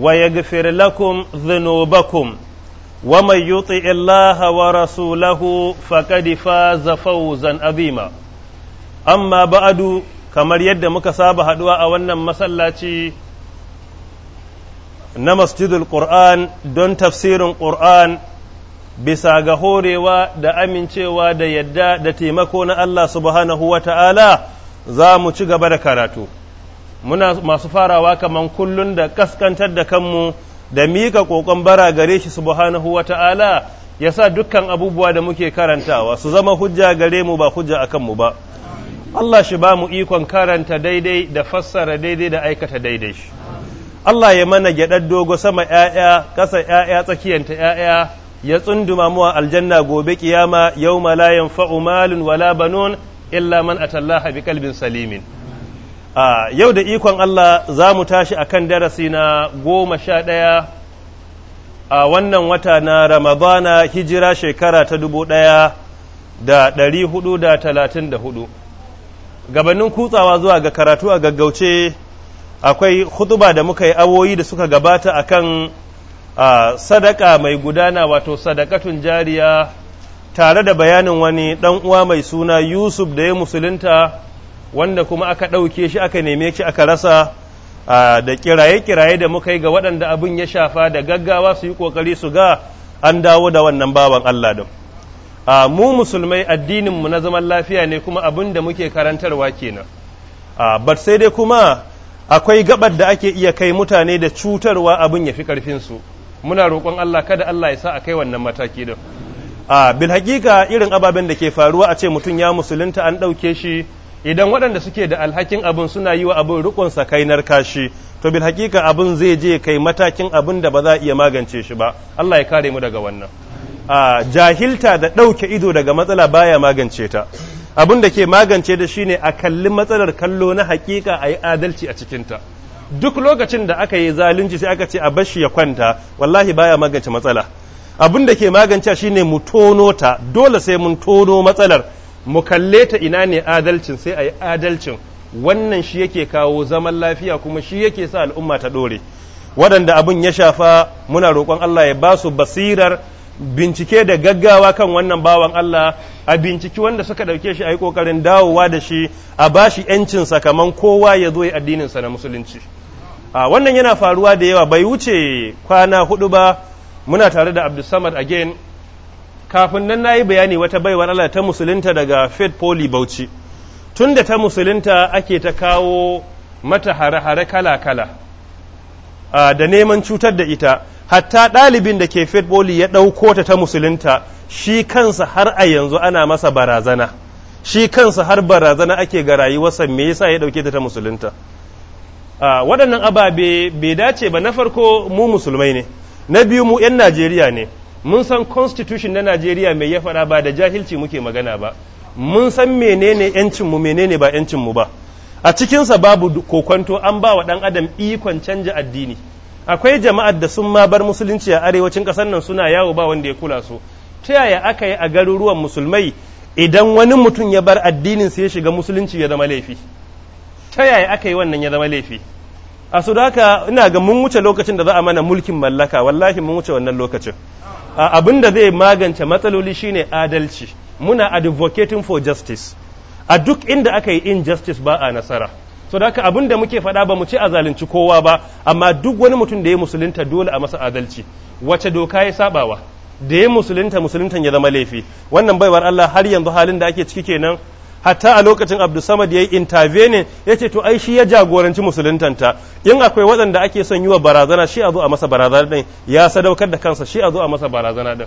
ويغفر لكم ذنوبكم ومن يطع الله ورسوله فقد فاز فوزا عظيما اما بعد kamar yadda muka saba haɗuwa a wannan masallaci na masjidul Qur'an don tafsirin Qur'an bisa ga horewa da amincewa da yadda da taimako na Allah subhanahu wa ta'ala za mu ci gaba da karatu muna masu farawa kaman kullun da kaskantar da kanmu da mika kokon bara gare shi subhanahu ta'ala ya sa dukkan abubuwa da muke karantawa su zama hujja gare mu ba hujja a kanmu ba Allah shi ba mu ikon karanta daidai da fassara daidai da aikata daidai shi Allah ya mana gyaɗar dogo sama ‘ya'ya, ƙasa ‘ya'ya, tsakiyanta ‘ya'ya, ya tsunduma mu a aljanna gobe ƙiyama yau malayan fa'u wala banun illa man atallaha bi kalbin salimin. a yau da ikon Allah za mu tashi a kan darasi na goma sha ɗaya a wannan wata na Ramadana hijira shekara ta dubu ɗaya da ɗari hudu da talatin da hudu gabanin kutsawa zuwa ga karatu a gaggauce akwai hutuba da muka yi awoyi da suka gabata a kan sadaka mai gudana wato sadakatun jariya tare da bayanin wani ɗan uwa mai suna yusuf da ya musulunta wanda kuma aka ɗauke shi aka neme shi aka rasa da kiraye-kiraye da muka yi ga waɗanda abin ya shafa da gaggawa su yi ƙoƙari su ga an dawo da wannan bawan Allah d'a. mu musulmai addininmu na zaman lafiya ne kuma abin da muke karantarwa kenan but sai dai kuma akwai gabar da ake iya kai mutane da cutarwa abin ya fi ƙarfinsu muna roƙon Allah kada Allah ya sa a kai wannan mataki din bil haƙiƙa irin ababen da ke faruwa a ce mutum ya musulunta an ɗauke shi idan waɗanda suke da alhakin abin suna yi wa abin rukun sakainar kashi to bil hakika abin zai je kai matakin abin da ba za a iya magance shi ba Allah ya kare mu daga wannan a jahilta da ɗauke ido daga matsala baya magance ta abin da ke magance da shine a kalli matsalar kallo na hakika a yi adalci a cikin ta duk lokacin da aka yi zalunci sai aka ce a bashi ya kwanta wallahi baya magance matsala abin da ke magance shine mu tono ta dole sai mun tono matsalar mu kalle ta ina ne adalcin sai a yi adalcin wannan shi yake kawo zaman lafiya kuma shi yake sa al'umma ta ɗore waɗanda abin ya shafa muna roƙon Allah ya ba su basirar bincike da gaggawa kan wannan bawan Allah a binciki wanda suka ɗauke shi a yi ƙoƙarin dawowa da shi a ba shi ‘yancinsa kamar kowa ya zo addininsa na musulunci a wannan yana faruwa da yawa bai wuce kwana hudu ba muna tare da abdulsamad again kafin nan na yi bayani wata baiwar Allah ta musulunta daga Fed Poli Bauchi tun da ta musulunta ake ta kawo mata hare-hare kala-kala da neman cutar da ita hatta ɗalibin da ke Fed Poli ya ɗauko ta ta musulunta shi kansa har a yanzu ana masa barazana shi kansa har barazana ake ga rayuwarsa me yasa ya ɗauke ta ta musulunta waɗannan ababe bai dace ba na farko mu musulmai ne na biyu mu 'yan najeriya ne mun san constitution na Najeriya mai ya faɗa ba da jahilci muke magana ba mun san menene mu menene ba mu ba a cikinsa babu kokwanto an ba wa ɗan adam ikon canja addini akwai jama'ar da sun ma bar musulunci a arewacin ƙasar nan suna yawo ba wanda ya kula su ta yaya aka yi a garuruwan musulmai idan wani mutum ya bar addinin sai ya shiga musulunci ya zama laifi ta yaya aka yi wannan ya zama laifi a su haka ina ga mun wuce lokacin da za a mana mulkin mallaka wallahi mun wuce wannan lokacin abin da zai magance matsaloli shine adalci muna advocating for justice a duk inda aka yi injustice ba a nasara so da haka abin da muke faɗa ba mu ce a zalunci kowa ba amma duk wani mutum da ya musulunta dole a masa adalci wace doka ya sabawa da ya musulunta musuluntan ya zama laifi wannan baiwar Allah har yanzu halin da ake ciki kenan hatta a lokacin abdulsamad ya yi intervening ya ce to ai shi ya jagoranci musuluntanta in akwai waɗanda ake son yi wa barazana shi a zo a masa barazana ɗin ya sadaukar da kansa shi a zo a masa barazana ɗin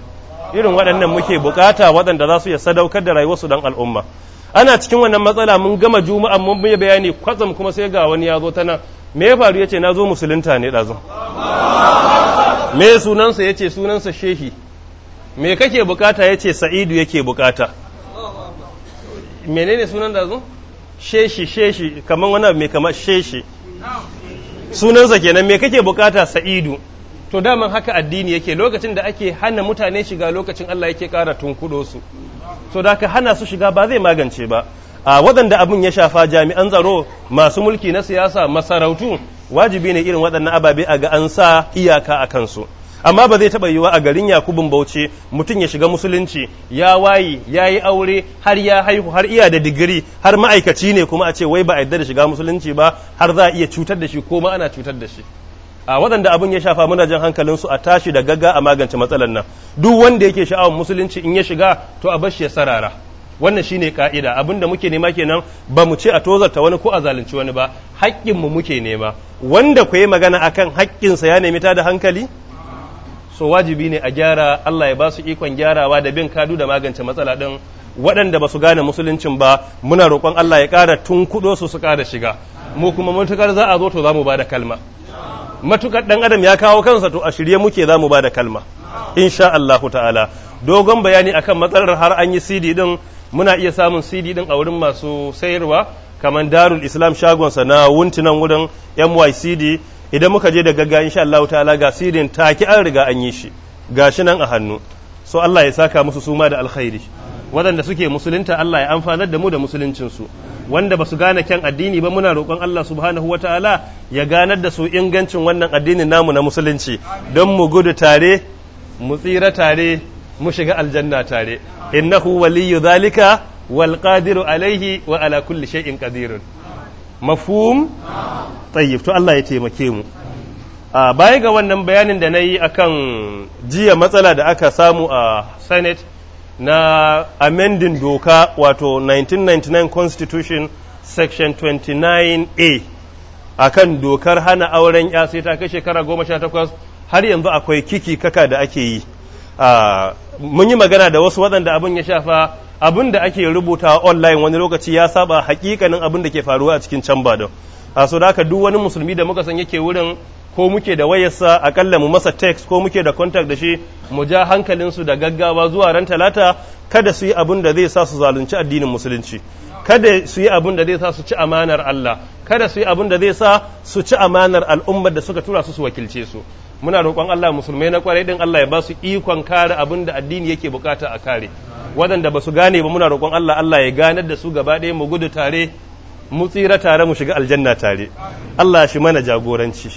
irin waɗannan muke bukata waɗanda za su ya sadaukar da rayuwarsu don al'umma ana cikin wannan matsala mun gama juma'a mun yi bayani kwatsam kuma sai ga wani ya zo ta nan me ya faru ya ce na zo musulunta ne ɗazun me sunansa ya ce sunansa shehi me kake bukata ya ce sa'idu yake bukata menene sunan da zo sheshi sheshi kamar wani abu mai kama sheshi sunansa kenan me kake bukata sa'idu to daman haka addini yake lokacin da ake hana mutane shiga lokacin Allah yake kara tunkudo su to da ka hana su shiga ba zai magance ba a waɗanda abin ya shafa jami'an tsaro masu mulki na siyasa masarautu wajibi ne irin waɗannan ababe a ga an sa iyaka a kansu amma ba zai taɓa yiwa a garin yakubun bauchi mutum ya shiga musulunci ya wayi ya yi aure har ya haihu har iya da digiri har ma'aikaci ne kuma a ce wai ba a yadda da shiga musulunci ba har za a iya cutar da shi ko ma ana cutar da shi a waɗanda abin ya shafa muna jan hankalin su a tashi da gaga a magance matsalar nan duk wanda yake sha'awar musulunci in ya shiga to a bashi ya sarara wannan shine ka'ida abin da muke nema kenan ba mu ce a tozarta wani ko a zalunci wani ba haƙƙinmu muke nema wanda ku yi magana akan haƙƙinsa ya nemi ta da hankali so wajibi ne a gyara Allah ya ba su ikon gyarawa da bin kadu da magance matsala din waɗanda ba su gane musuluncin ba muna roƙon Allah ya ƙara tun kudo su su ƙara shiga mu kuma matukar za a zo to za mu ba da kalma matukar ɗan adam ya kawo kansa to a shirye muke za mu ba da kalma insha Allahu ta'ala dogon bayani akan matsalar har an yi CD din muna iya samun CD din a wurin masu sayarwa kamar Darul Islam shagonsa na wuntunan wurin mycd idan muka je da gaggawa insha Allah ta'ala ga sirin take an riga an yi shi gashi nan a hannu so Allah ya saka musu suma da alkhairi waɗanda suke musulunta Allah ya amfanar da mu da musuluncinsu wanda ba su gane kyan addini ba muna roƙon Allah subhanahu wa ta'ala ya ganar da su ingancin wannan addinin namu na musulunci don mu gudu tare mu tsira tare mu shiga aljanna tare innahu waliyyu zalika wal qadiru alaihi wa ala kulli shay'in qadirun mafhum tayyib to Allah ya taimake mu a baya ga wannan bayanin da na yi akan jiya matsala da aka samu a senate na amending doka wato 1999 constitution section 29a akan dokar hana auren ya sai ta kai shekara goma sha takwas har yanzu akwai kiki kaka da ake yi mun yi magana da wasu waɗanda abin ya shafa abin da ake rubuta online wani lokaci ya saba hakikanin abin da ke faruwa a cikin can ba da a so da duk wani musulmi da muka san yake wurin ko muke da wayarsa akalla mu masa text ko muke da contact da shi mu ja hankalinsu da gaggawa zuwa ran talata kada su yi abin da zai sa su zalunci addinin musulunci kada su yi abin da zai sa su ci amanar Allah kada su yi abin da zai sa su ci amanar al'ummar da suka tura su su wakilce su muna roƙon Allah musulmai na kwarai din Allah ya ba su ikon kare abin da addini yake bukata a kare waɗanda ba su gane ba muna roƙon Allah Allah ya ganar da su gaba ɗaya mu gudu tare mu tsira tare mu shiga aljanna tare Allah shi mana jagoranci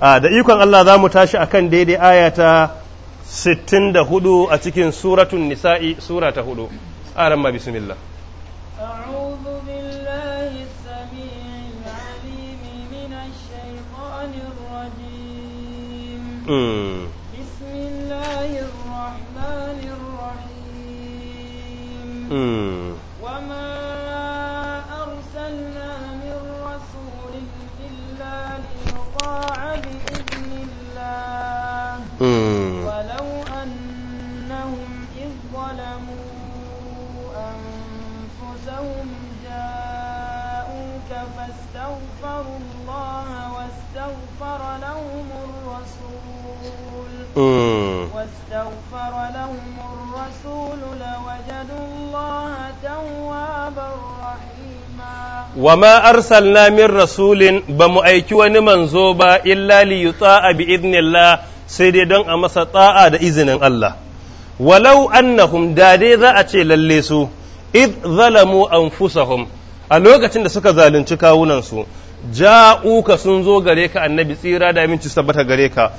a da ikon Allah za mu tashi akan daidai aya ta 64 a cikin suratun nisa'i sura ta hudu aran ma bismillah بسم الله الرحمن الرحيم وما أرسلنا من رسول إلا ليطاع بإذن الله ولو أنهم إذ ظلموا أنفسهم ذلك فاستغفروا الله واستغفر لهم الرسول واستغفر لهم الرسول لوجدوا الله توابا رحيما وما أرسلنا من رسول بمؤيك ونمنزوبا إلا ليطاع بإذن الله سيدنا أمس طاعة إذن الله ولو أنهم دادي ذا أتي لليسو إذ ظلموا أنفسهم a lokacin da suka zalunci kawunansu ja'uka sun zo gare ka annabi tsira da aminci sabbata gare ka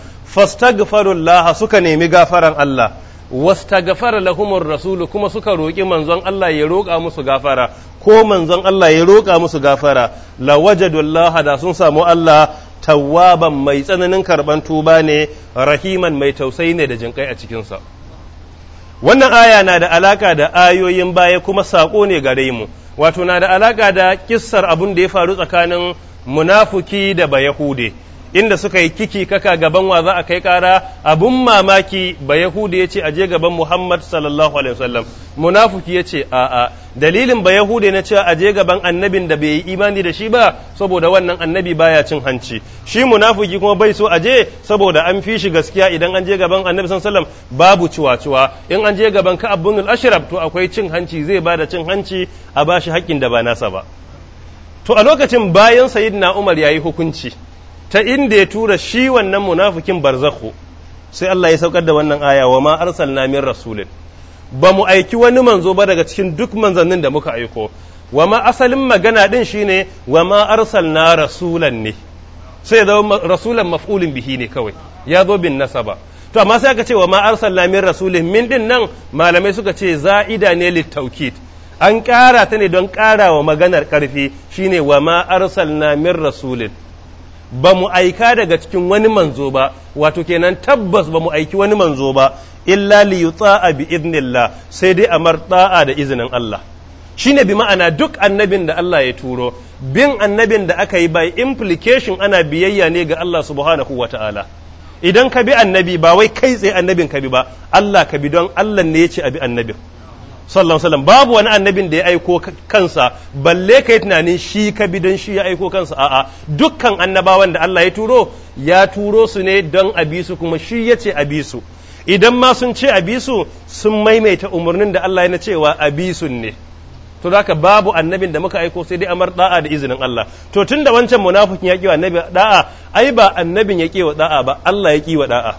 Laha suka nemi gafaran Allah wastaghfara lahumur rasulu kuma suka roƙi manzon Allah ya roƙa musu gafara ko manzon Allah ya roƙa musu gafara la wajadullah da sun samu Allah tawwaban mai tsananin karban tuba ne rahiman mai tausayi ne da jinkai a cikinsa. wannan aya na da alaka da ayoyin baya kuma saƙo ne gare mu wato na da alaka da kissar abun da ya faru tsakanin munafuki da bayahude inda suka yi kiki kaka gaban wa za a kai kara abun mamaki ba yahudu ya ce a je gaban muhammad sallallahu alaihi wasallam munafuki ya ce a'a dalilin ba yahudu na cewa a je gaban annabin da bai yi imani da shi ba saboda wannan annabi baya cin hanci shi munafuki kuma bai so a je saboda an fi shi gaskiya idan an je gaban annabi sallallahu alaihi wasallam babu ciwa-ciwa in an je gaban ka abun al-ashraf to akwai cin hanci zai ba da cin hanci a bashi haƙƙin da ba nasa ba to a lokacin bayan sayyidina umar yayi hukunci ta inda ya tura shi wannan munafikin barzakhu sai Allah ya saukar da wannan aya wa ma arsalna min rasulin ba mu aiki wani manzo ba daga cikin duk manzannin da muka aiko wa ma asalin magana din shine wa ma arsalna rasulan ne sai zama rasulan maf'ulin bihi ne kawai ya zo bin nasaba to amma sai aka ce wa ma arsalna min rasulin min din nan malamai suka ce za'ida ne litaukid an ƙara ta ne don ƙara wa maganar karfi shine wa ma arsalna min rasulin ba mu aika daga cikin wani manzo ba wato kenan tabbas ba mu aiki wani manzo ba illa li yuta'a bi idnillah sai dai amar ta'a da izinin Allah shine bi ma'ana duk annabin da Allah ya turo bin annabin da aka yi by implication ana biyayya ne ga Allah subhanahu wata'ala idan ka bi annabi ba wai kai tsaye annabin ka bi ba Allah ka bi don Allah ne ya ce a bi annabin sallallahu alaihi wasallam babu wani annabin da ya aiko kansa balle kai tunanin shi ka bi dan shi ya aiko kansa a'a dukkan annabawan da Allah ya turo ya turo su ne don a bi kuma shi ya ce a bi idan ma sun ce a bi sun maimaita umarnin da Allah ya na cewa a bi ne to haka babu annabin da muka aiko sai dai amar da'a da izinin Allah to tunda wancan munafikin ya kiwa annabi da'a ai ba annabin ya kiwa da'a ba Allah ya kiwa da'a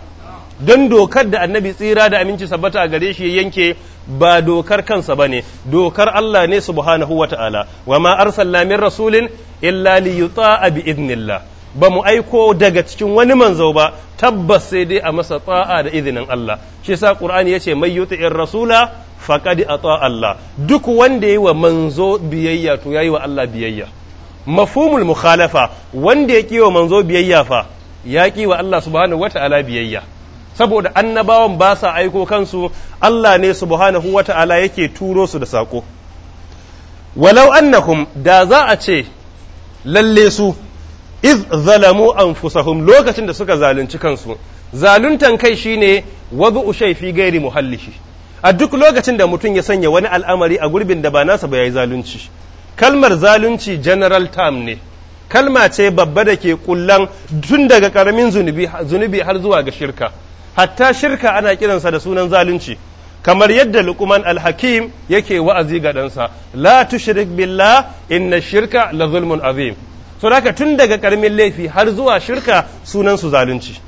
don dokar da annabi tsira da aminci sabbata a gare shi yanke ba dokar kansa bane dokar Allah ne subhanahu wata'ala wa ma arsalna min rasulin illa li yuta'a bi idnillah ba mu aiko daga cikin wani manzo ba tabbas sai dai a masa ta'a da izinin Allah shi yasa Qur'ani yace may yuti'ir rasula faqad ta'a Allah duk wanda yayi wa manzo biyayya to yayi wa Allah biyayya mafhumul mukhalafa wanda ya wa manzo biyayya fa ya ki wa Allah subhanahu wata'ala biyayya saboda annabawan ba sa aiko kansu Allah ne subhanahu wata'ala yake turo su da sako walau annahum da za a ce lalle su iz zalamu anfusahum lokacin da suka zalunci kansu zaluntan kai shine wabu shaifi gairi muhallishi a duk lokacin da mutum ya sanya wani al'amari a gurbin da ba nasa ba yayi zalunci kalmar zalunci general term ne kalma ce babba da ke kullan tun daga karamin zunubi har zuwa ga shirka hatta shirka ana kiransa da sunan zalunci kamar yadda luqman alhakim yake wa'azi ga ɗansa la tushrik billah inna shirka la zulmun azim so haka tun daga karamin laifi har zuwa shirka sunan su zalunci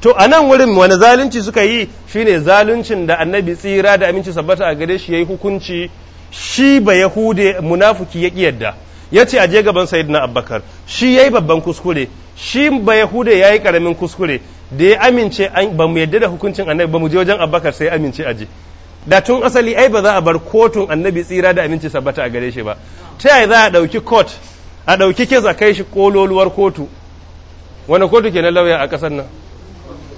to a nan wurin wani zalunci suka yi shine zaluncin da annabi tsira da aminci sabbata a gare shi yayi hukunci shi ba yahude munafuki ya yadda Yace ce aje gaban sayyidina abubakar shi yayi babban kuskure shi ba yahude yayi karamin kuskure da ya amince ba mu yadda da hukuncin annabi ba mu je wajen Abakar sai amince aje da tun asali ai ba za a bar kotun annabi tsira da aminci sabbata a gare shi ba ta yaya za a dauki court a dauki kes a kai shi kololuwar kotu wani kotu ke na lauya a kasar nan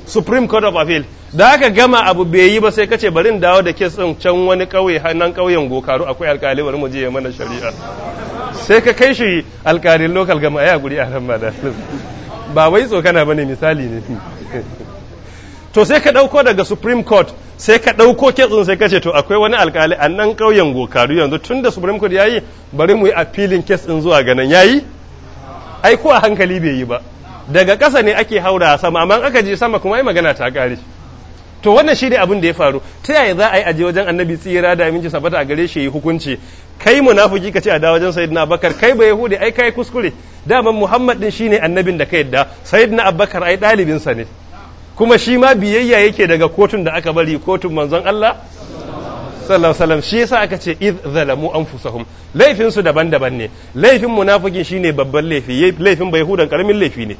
supreme court of appeal da aka gama abu bai yi ba sai kace barin dawo da kes ɗin can wani ƙauye nan ƙauyen gokaru akwai alkali bari mu je mana shari'a sai ka kai shi alƙalin local gama ai a guri a da. ba wai tsokana ne misali ne to sai ka ɗauko daga supreme court sai ka ɗauko kitsin sai ka ce to akwai wani alkali a nan ƙauyen gokaru yanzu tun da supreme court yi bari mu yi appealing case in zuwa ganin yayi ai ko a hankali bai yi ba daga ƙasa ne ake haura sama amma aka je sama kuma ai magana ta ƙare to wannan shi ne abin da ya faru ta yaya za a yi aje wajen annabi tsira da aminci sabata a gare shi yi hukunci kai munafiki ka ce a da wajen sayyidina Abakar kai ba yahudi ai kai kuskure daman muhammad din shine annabin da ka yadda sayyidina Abakar ai sa ne kuma shi ma biyayya yake daga kotun da aka bari kotun manzon Allah sallallahu alaihi shi yasa aka ce id zalamu anfusahum laifin su daban-daban ne laifin munafikin shine babban laifi laifin bai hudan karamin laifi ne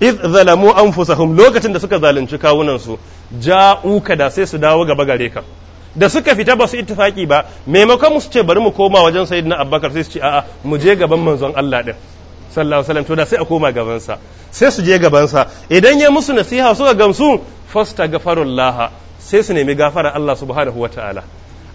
id zalamu anfusahum lokacin da suka zalunci kawunan su ja'uka da sai su dawo gaba gare ka da suka fita ba su ittifaki ba maimakon mu su ce bari mu koma wajen sayyidina abubakar sai su ce a'a mu je gaban manzon Allah din sallallahu alaihi wasallam to da sai a koma gaban sa sai su je gaban sa idan ya musu nasiha suka gamsu gafarullah sai su nemi gafara Allah subhanahu wataala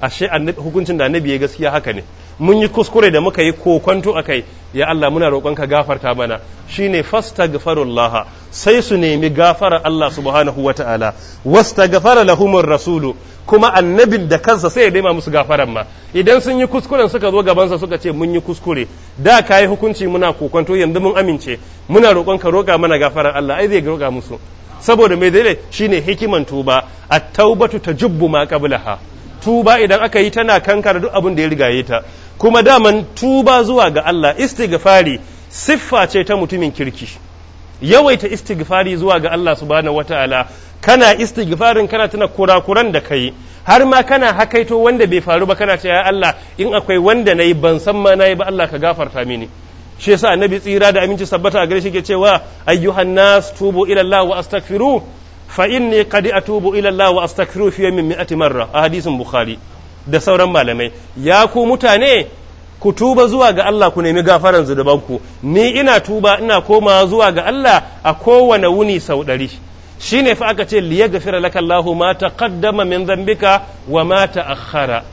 ashe hukuncin da annabi ya gaskiya haka ne mun yi kuskure da muka yi kokonto kai ya Allah muna roƙon ka gafarta mana shine fastaghfirullah sai su nemi gafara Allah subhanahu wataala wastaghfara lahumur rasulu kuma annabin da kansa sai ya daima musu gafaran ma idan sun yi kuskuren suka zo gabansa suka ce mun yi kuskure da ka yi hukunci muna kokonto yanzu mun amince muna roƙon ka roƙa mana gafaran Allah ai zai roƙa musu saboda mai shi shine hikimantu ba at-taubatu jubbu ma qablaha tuba idan aka yi tana kankara duk abin da ya ye ta kuma daman tuba zuwa ga Allah istighfari siffa ce ta mutumin kirki yawaita istighfari zuwa ga Allah subhanahu wataala kana istighfarin kana tana kurakuran da kai har ma kana hakaito wanda bai faru ba kana cewa ya Allah in akwai wanda nayi ban san ma nayi ba Allah ka gafarta mini shi yasa annabi tsira da aminci sabbata a gare shi ke cewa ayyuhan nas tubu ila Allah wa astaghfiru fa inni qad atubu ila Allah wa astaghfiru fi min mi'ati marra a hadisin bukhari da sauran malamai ya ku mutane ku tuba zuwa ga Allah ku nemi gafaran ku ni ina tuba ina koma zuwa ga Allah a kowane wuni sau ɗari shine fa aka ce liya laka Allah ma taqaddama min dhanbika wa ma ta'akhkhara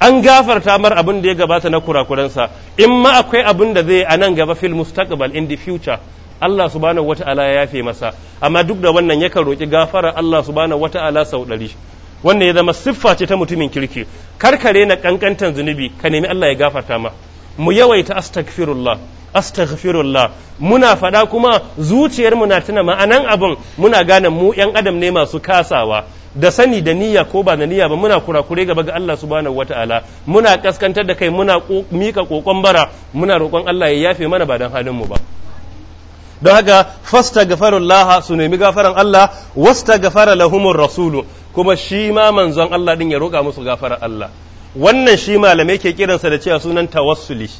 an gafarta mar abin da ya gabata na kurakuransa in ma akwai abin da zai a nan gaba fil mustaqbal in the future Allah subhanahu wata'ala ya yafe masa amma duk da wannan yakan roƙi gafara Allah subhanahu wata'ala sau ɗari wannan ya zama siffa ce ta mutumin kirki karkare na ƙanƙantar zunubi ka nemi Allah ya gafarta ma mu yawaita astaghfirullah astaghfirullah muna faɗa kuma zuciyar mu na tuna ma'anan abin muna gane mu yan adam ne masu kasawa da sani da niyya ko ba da niyya ba muna kurakure gaba ga Allah subhanahu wataala muna kaskantar da kai muna miƙa kokon bara muna roƙon Allah ya yafe mana ba don halin mu ba don haka laha su nemi gafaran Allah wasta gafara lahumun rasulu kuma shi ma manzon Allah din ya roƙa musu gafarar Allah wannan shi malamai ke kiransa da cewa sunan tawassuli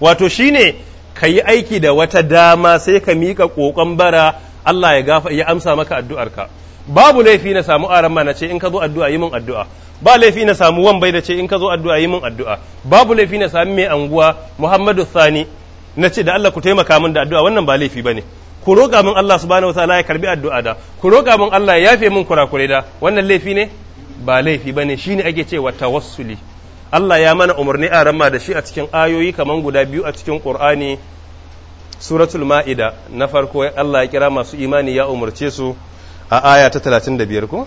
wato shi ne ka yi aiki da wata dama sai ka miƙa ƙoƙon bara Allah ya gafa ya amsa maka addu'arka babu laifi na samu aran ce in ka zo addu'a yi min addu'a ba laifi na samu wan bai da ce in ka zo addu'a yi min addu'a babu laifi na sami mai anguwa Muhammadu Sani na ce da Allah ku taimaka min da addu'a wannan ba laifi bane ku roƙa min Allah subhanahu wataala ya karbi addu'a da ku roƙa min Allah ya yafe min kurakurai da wannan laifi ne ba laifi bane shine ake cewa tawassuli Allah ya mana umarni a ramma da shi a cikin ayoyi kaman guda biyu a cikin Qur'ani suratul ma'ida na farko Allah ya kira masu imani ya umarce su a aya ta 35 ko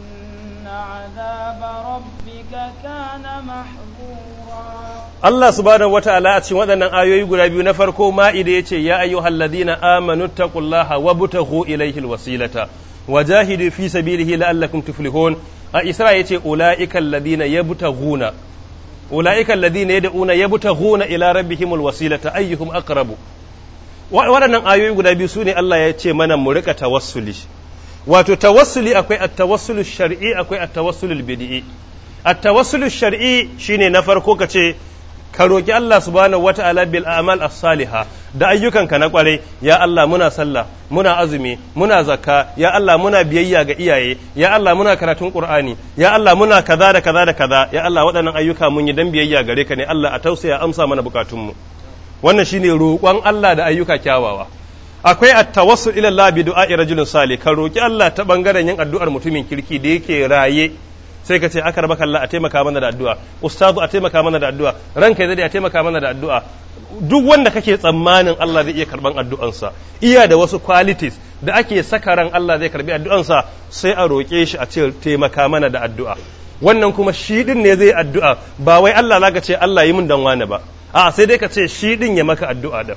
allah ربك كان محظورا الله سبحانه وتعالى a cikin waɗannan ayoyi guda biyu na farko ma'ida yace ya ayyuhal ladina amanu taqullaha wabtaghu ilayhi alwasilata wajahidu fi sabilihi la'allakum tuflihun a isra yace ulaika alladina yabtaghuna ulaika alladina yad'una yabtaghuna ila rabbihim alwasilata ayyuhum aqrabu waɗannan ayoyi guda biyu sune Allah ya ce mana mu rika tawassuli wato tawassuli akwai at shar'i akwai at bidi'i bid'i at shari'i shar'i shine na farko ka ce ka roki Allah subhanahu wata'ala bil a'mal as-saliha da ayyukanka na kwarai ya Allah muna sallah muna azumi muna zakka ya Allah muna biyayya ga iyaye ya Allah muna karatun Qur'ani ya Allah muna kaza da kaza da kaza ya Allah waɗannan ayyuka mun yi dan biyayya gare ka ne Allah a tausaya amsa mana bukatunmu wannan shine roƙon Allah da ayyuka kyawawa akwai a tawassul ila labi du'a ira rajulin sali ka roƙi Allah ta ɓangaren yin addu'ar mutumin kirki da yake raye sai ka ce aka raba kalla a taimaka mana da addu'a ustazu a taimaka mana da addu'a kai zai a taimaka mana da addu'a duk wanda kake tsammanin Allah zai iya karban addu'ansa iya da wasu qualities da ake saka ran Allah zai karbi addu'ansa sai a roƙe shi a ce taimaka mana da addu'a wannan kuma shi din ne zai addu'a ba wai Allah zaka ce Allah yi min dan wani ba a sai dai ka ce shi ɗin ya maka addu'a da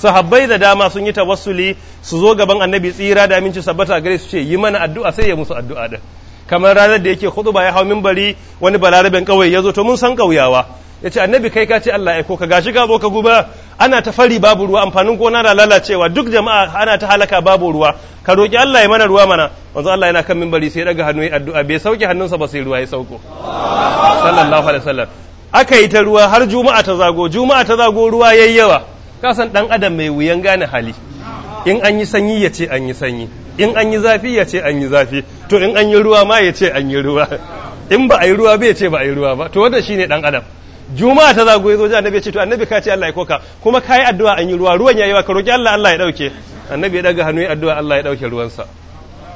sahabbai da dama sun yi tawassuli su zo gaban annabi tsira da aminci sabbata gare su ce yi mana addu'a sai ya musu addu'a din kamar ranar da yake ba ya hau minbari wani balaraben kawai ya zo to mun san kauyawa yace annabi kai ka ce Allah ya ka gashi ka zo ka guba ana ta fari babu ruwa amfanin gona da lalacewa duk jama'a ana ta halaka babu ruwa ka roki Allah ya mana ruwa mana wanzu Allah yana kan minbari sai ya daga hannu ya addu'a bai sauke hannunsa ba sai ruwa ya sauko sallallahu alaihi wasallam aka yi ta ruwa har juma'a ta zago juma'a ta zago ruwa yayyawa yawa kasan ɗan adam mai wuyan gane hali in an yi sanyi ya ce an yi sanyi in an yi zafi ya ce an yi zafi to in an yi ruwa ma ya ce an yi ruwa in ba a yi ruwa bai ce ba a yi ruwa ba to wannan shine ɗan adam juma'a ta zagoye zo annabi ya ce to annabi ka ce Allah ya koka kuma ka yi addu'a an yi ruwa ruwan yayi ba ka roki Allah Allah ya dauke annabi ya daga hannu ya addu'a Allah ya dauke ruwansa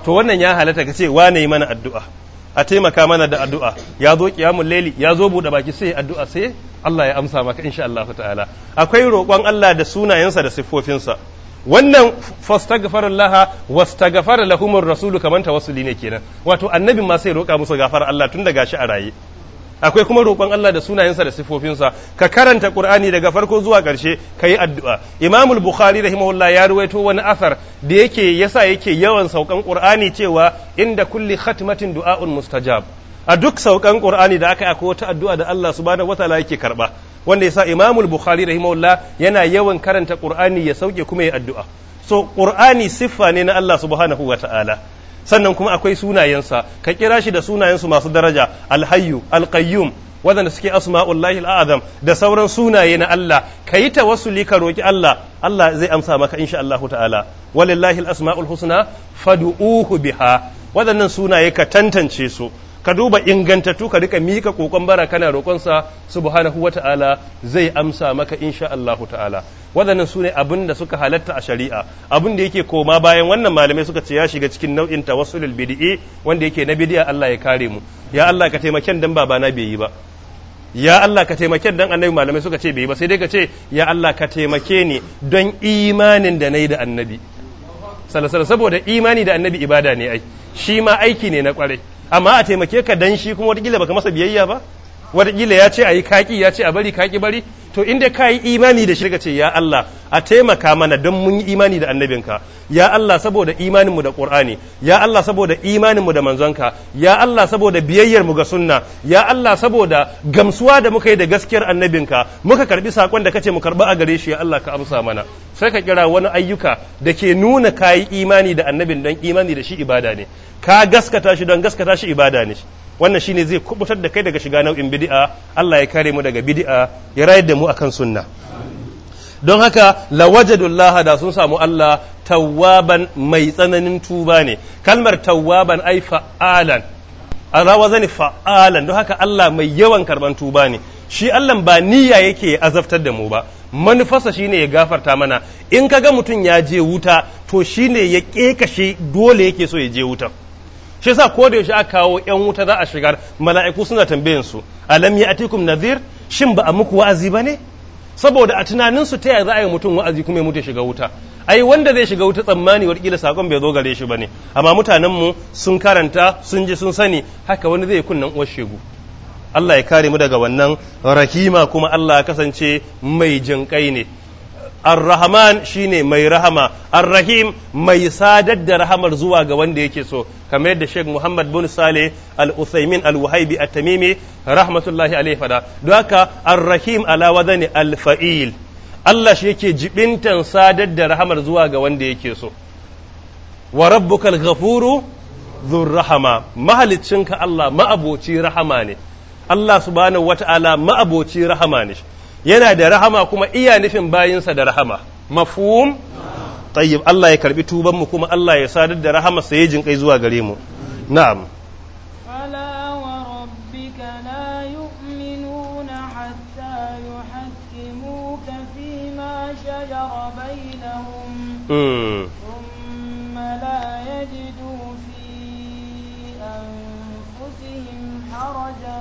to wannan ya halatta ka ce wane yi mana addu'a a taimaka mana da addu'a ya zo kiyamun laili ya zo bude baki sai addu'a sai Allah ya amsa maka insha Allah ta'ala akwai roƙon Allah da sunayensa da siffofinsa wannan fastaghfar Allah wastaghfar lahumar rasulu ta wasuli ne kenan wato annabi ma sai roƙa musu gafara Allah tun da gashi a raye akwai kuma roƙon Allah da sunayensa da sifofinsa ka karanta Qur'ani daga farko zuwa ƙarshe ka yi addu'a imamul Bukhari rahimahullah ya ruwaito wani asar da yake yasa yake yawan saukan Qur'ani cewa inda kulli khatmatin du'a'un mustajab a duk saukan Qur'ani da aka akwai wata addu'a da Allah subhanahu wataala yake karba wanda yasa imamul Bukhari rahimahullah yana yawan karanta Qur'ani ya sauke kuma ya addu'a so Qur'ani siffa ne na Allah subhanahu wataala sannan kuma akwai sunayensa ka kira shi da sunayensu masu daraja alhayyu alqayyum wadanda suke asma'ullahi al'azam da sauran sunaye na Allah ka yi tawassuli ka roki Allah Allah zai amsa maka insha Allah ta'ala walillahi al'asma'ul husna fad'uhu biha wadannan sunaye ka tantance su ka duba ingantattu ka rika mika kokon bara kana roƙonsa subhanahu wa ta'ala zai amsa maka insha Allah ta'ala wadannan sune ne abin da suka halatta a shari'a abin da yake koma bayan wannan malamai suka ce ya shiga cikin nau'in tawassulul bid'i wanda yake na bid'a Allah ya kare mu ya Allah ka taimaken dan babana bai yi ba ya Allah ka taimake dan annabi malamai suka ce bai ba sai dai ka ce ya Allah ka taimake ni don imanin da nayi da annabi salasala saboda imani da annabi ibada ne ai shi ma aiki ne na kwarai amma a taimake ka dan shi kuma wata gila baka masa biyayya ba wataƙila ya ce a yi kaki ya ce a bari kaki bari to inda ka yi imani da shi ce ya Allah a taimaka mana don mun yi imani da annabinka ya Allah saboda imaninmu da Qur'ani ya Allah saboda imaninmu da manzonka ya Allah saboda mu ga sunna ya Allah saboda gamsuwa da muka yi da gaskiyar annabinka muka karbi saƙon da kace mu karba a gare shi ya Allah ka amsa mana sai ka kira wani ayyuka da ke nuna kayi imani da annabin don imani da shi ibada ne ka gaskata shi don gaskata shi ibada ne wannan shine zai kubutar da kai daga shiga nau'in bid'a Allah ya kare mu daga bid'a ya rayar da mu akan sunna don haka lawajadullaha da sun samu Allah tawwaban mai tsananin tuba ne kalmar tawwaban ai fa'alan arawa zani fa'alan don haka Allah mai yawan karban tuba ne shi Allah ba niyya yake azabtar da mu ba manufarsa shine ya gafarta mana in kaga mutum ya je wuta to shine ya kekashe dole yake so ya je wuta shi yasa ko da yaushe aka kawo yan wuta za a shigar mala'iku suna tambayin su alam ya'tikum nadhir shin ba a muku wa'azi bane saboda a tunanin su ta yaya za a yi mutum wa'azi kuma ya mutu shiga wuta ai wanda zai shiga wuta tsammani kila sakon bai zo gare shi bane amma mutanen mu sun karanta sun ji sun sani haka wani zai kunnan uwar shegu Allah ya kare mu daga wannan rahima kuma Allah ya kasance mai jinƙai ne ar-rahman shine mai rahama ar-rahim mai sadar da rahamar zuwa ga wanda yake so kamar yadda Sheikh Muhammad bin Saleh al-Uthaymin al-Wahibi at-Tamimi rahmatullahi alaihi fada don haka ar-rahim ala wadani al-fa'il Allah shi yake jibintan sadar da rahamar zuwa ga wanda yake so wa rabbukal ghafuru dhur rahama mahaliccinka Allah ma'aboci rahama ne Allah subhanahu wata'ala ma'aboci rahama ne yana da rahama kuma iya nufin bayinsa da rahama mafhum tayyib Allah ya karbi tuban mu kuma Allah ya sadar da rahama sa ya kai zuwa gare mu na'am ala wa rabbika la yu'minuna hatta yuhakkimuka ma shajara bainahum hmm. thumma la yajidu fi anfusihim harajan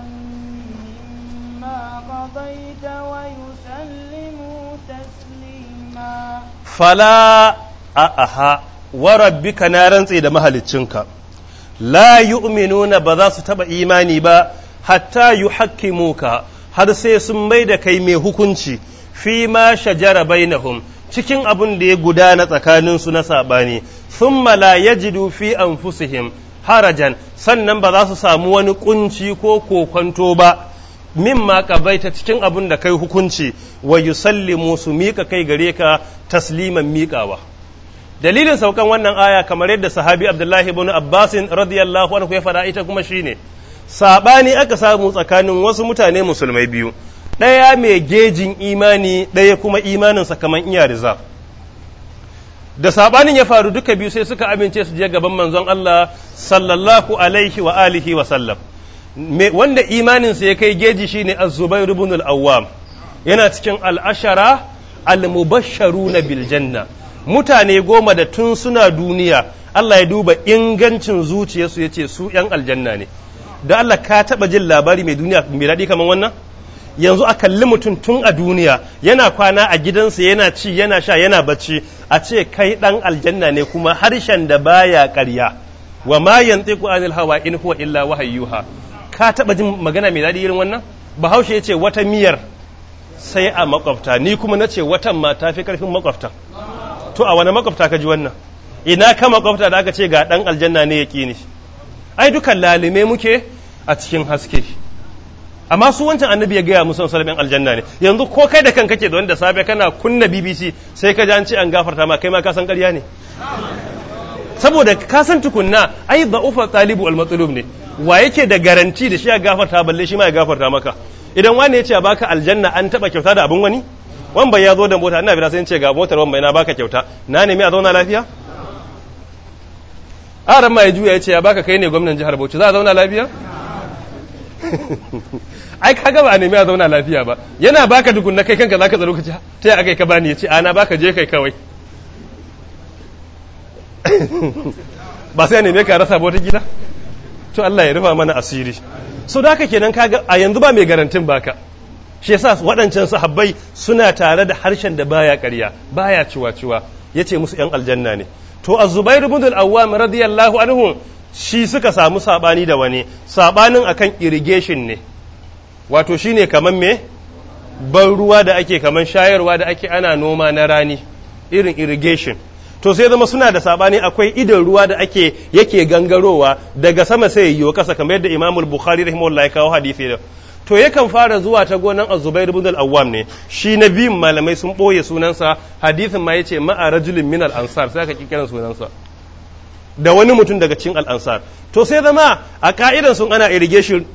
قضيت ويسلموا تسليما فلا أأها وربك نارن سيد مهل لا يؤمنون بذاس تبا إيماني با حتى يحكموك har sai sun mai da kai mai hukunci fi ma shajara bainahum cikin abin da ya gudana tsakaninsu na saɓani sun la yajidu fi anfusihim harajan sannan ba za su samu wani kunci ko kokonto ba min mimma ta cikin abun da kai hukunci wa yusallimu su mika kai gare ka tasliman miƙawa dalilin saukan wannan aya kamar yadda sahabi abdullahi ibn abbasin radiyallahu anhu ya fada ita kuma shine sabani aka samu tsakanin wasu mutane musulmai biyu ɗaya mai gejin imani ɗaya kuma imaninsa kamar iya riza da sabanin ya faru duka biyu sai suka amince su je gaban manzon Allah sallallahu alaihi wa alihi wa sallam wanda imaninsa ya kai geji shine az-zubair ibn al-awwam yana cikin al'ashara ashara al-mubashsharuna bil janna mutane goma da tun suna duniya Allah ya duba ingancin zuciyarsu ya ce su ‘yan aljanna ne da Allah ka taɓa jin labari mai duniya mai daɗi kamar wannan yanzu a kalli mutum tun a duniya yana kwana a gidansa yana ci yana sha yana bacci a ce kai ɗan aljanna ne kuma harshen da baya ƙarya wa ma yantiqu anil hawa in huwa illa wahayyuha ka taɓa jin magana mai daɗi irin wannan bahaushe ya ce wata miyar sai a makwabta ni kuma na ce watan ma ta fi ƙarfin makwabta to a wani makwabta ka ji wannan ina ka makwabta da aka ce ga ɗan aljanna ne ya ƙini ai dukan lalime muke a cikin haske amma su wancan annabi ya gaya musu salamin aljanna ne yanzu ko kai da kan kake da wanda safe kana kunna BBC sai ka ji an ce an gafarta ma kai ma ka san ƙarya ne saboda ka san tukunna ai da'ufa talibu al matlub ne wa yake da garanti da shi ya gafarta balle shi ma ya gafarta maka idan wani ya ce baka aljanna an taba kyauta da abun wani wan bai ya zo da mota ina bila sai ce ga motar wan bai na baka kyauta na nemi a zauna lafiya aran ma ya juya ya ce ya baka kai ne gwamnan jihar Bauchi za a zauna lafiya ai kaga ba a nemi a zauna lafiya ba yana baka tukunna kai kanka zaka tsaro ka ce ta ya akai ka bani ya ce ana baka je kai kawai ba sai neme ka rasa wata gida to Allah ya rufa mana asiri so da haka kenan kaga a yanzu ba mai garantin baka shi yasa waɗancan sahabbai suna tare da harshen da baya ƙarya baya ciwa-ciwa yace musu yan aljanna ne to az-zubair ibn al-awwam radiyallahu anhu shi suka samu sabani da wani sabanin akan irrigation ne wato shine kaman me ban ruwa da ake kaman shayarwa da ake ana noma na rani irin irrigation to sai zama suna da sabani akwai idan ruwa da ake yake gangarowa daga sama sai yiwo kasa kamar yadda Imam Bukhari rahimahullahi kawo hadisi da to yakan fara zuwa ta gonan Azubair ibn al-Awwam ne shi na biyun malamai sun boye sunansa hadisin ma yace ma'a rajulin min al-ansar sai aka kiran sunansa da wani mutum daga cikin al-ansar to sai zama a ka'idan sun ana irrigation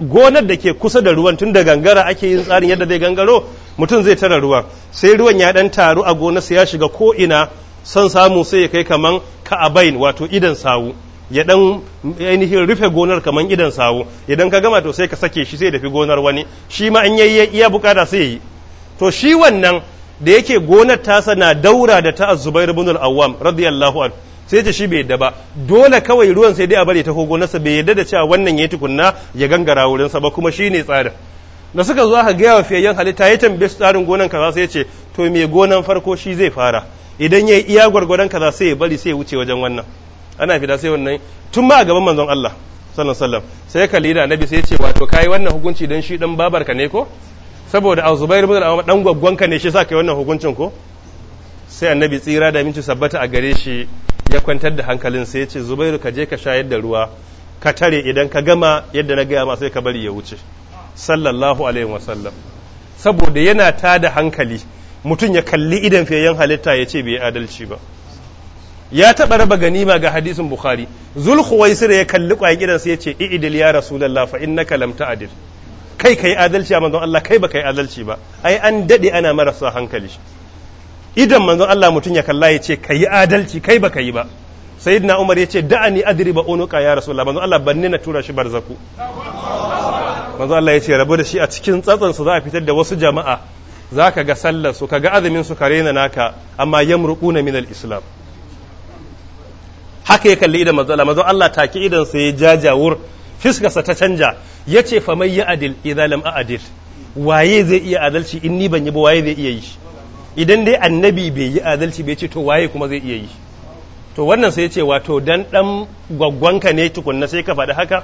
gonar da ke kusa da ruwan tun da gangara ake yin tsarin yadda zai gangaro mutum zai tara ruwa sai ruwan ya dan taru a gonarsa ya shiga ko ina son samu sai ya kai kaman ka'abain wato idan sawu ya dan ainihin rufe gonar kaman idan sawu idan ka gama to sai ka sake shi sai dafi gonar wani shi ma in yayi iya bukata sai yi to shi wannan da yake gonar tasa na daura da ta Zubair ibn al-Awwam radiyallahu anhu sai ta shi bai yadda ba dole kawai ruwan sai dai a bari ta ko gonarsa bai yadda da cewa wannan yayi tukunna ya gangara wurin sa ba kuma shine tsarin da suka zo aka gaya wa fiyayyen halitta ya tambaye su tsarin gonan kaza sai ya ce to me gonan farko shi zai fara idan ya yi iya gwargwadon kaza sai ya bari sai ya wuce wajen wannan ana fita sai wannan tun ma a gaban manzon Allah sallallahu alaihi wasallam sai kalli da annabi sai ya ce wato kai wannan hukunci dan shi dan babarka ne ko saboda a zubairu bin awam dan gwaggwanka ne shi sa kai wannan hukuncin ko sai annabi tsira da minti sabbata a gare shi ya kwantar da hankalin sai ya ce zubairu ka je ka shayar da ruwa ka tare idan ka gama yadda na gaya ma sai ka bari ya wuce sallallahu alaihi wasallam saboda yana da hankali mutum ya kalli idan fiyayyen halitta ya ce bai adalci ba ya taɓa raba ganima ga hadisin bukhari zulhuwaisir ya kalli ƙwayan gidansa ya ce i'idil ya rasulallah fa innaka lam ta'dil kai kai adalci a manzon Allah kai ba kai adalci ba ai an dade ana marasa hankali idan manzon Allah mutum ya kalla ya ce kai adalci kai ba kai ba sayyidina umar ya ce da'ani adriba unuka ya rasulullah manzon Allah banne na tura shi barzaku manzo Allah ya ce rabu da shi a cikin tsatsan su za a fitar da wasu jama'a za ka ga sallar su ka ga azumin su ka rena naka amma yamruquna min al-islam haka ya kalli idan manzo Allah manzo Allah take idan sa ya jajawur sa ta canja yace fa ya ya'dil idza lam a'dil waye zai iya adalci in ni ban yi ba waye zai iya yi idan dai annabi bai yi adalci bai ce to waye kuma zai iya yi to wannan sai ya ce wato dan dan gwaggwanka ne tukunna sai ka faɗi haka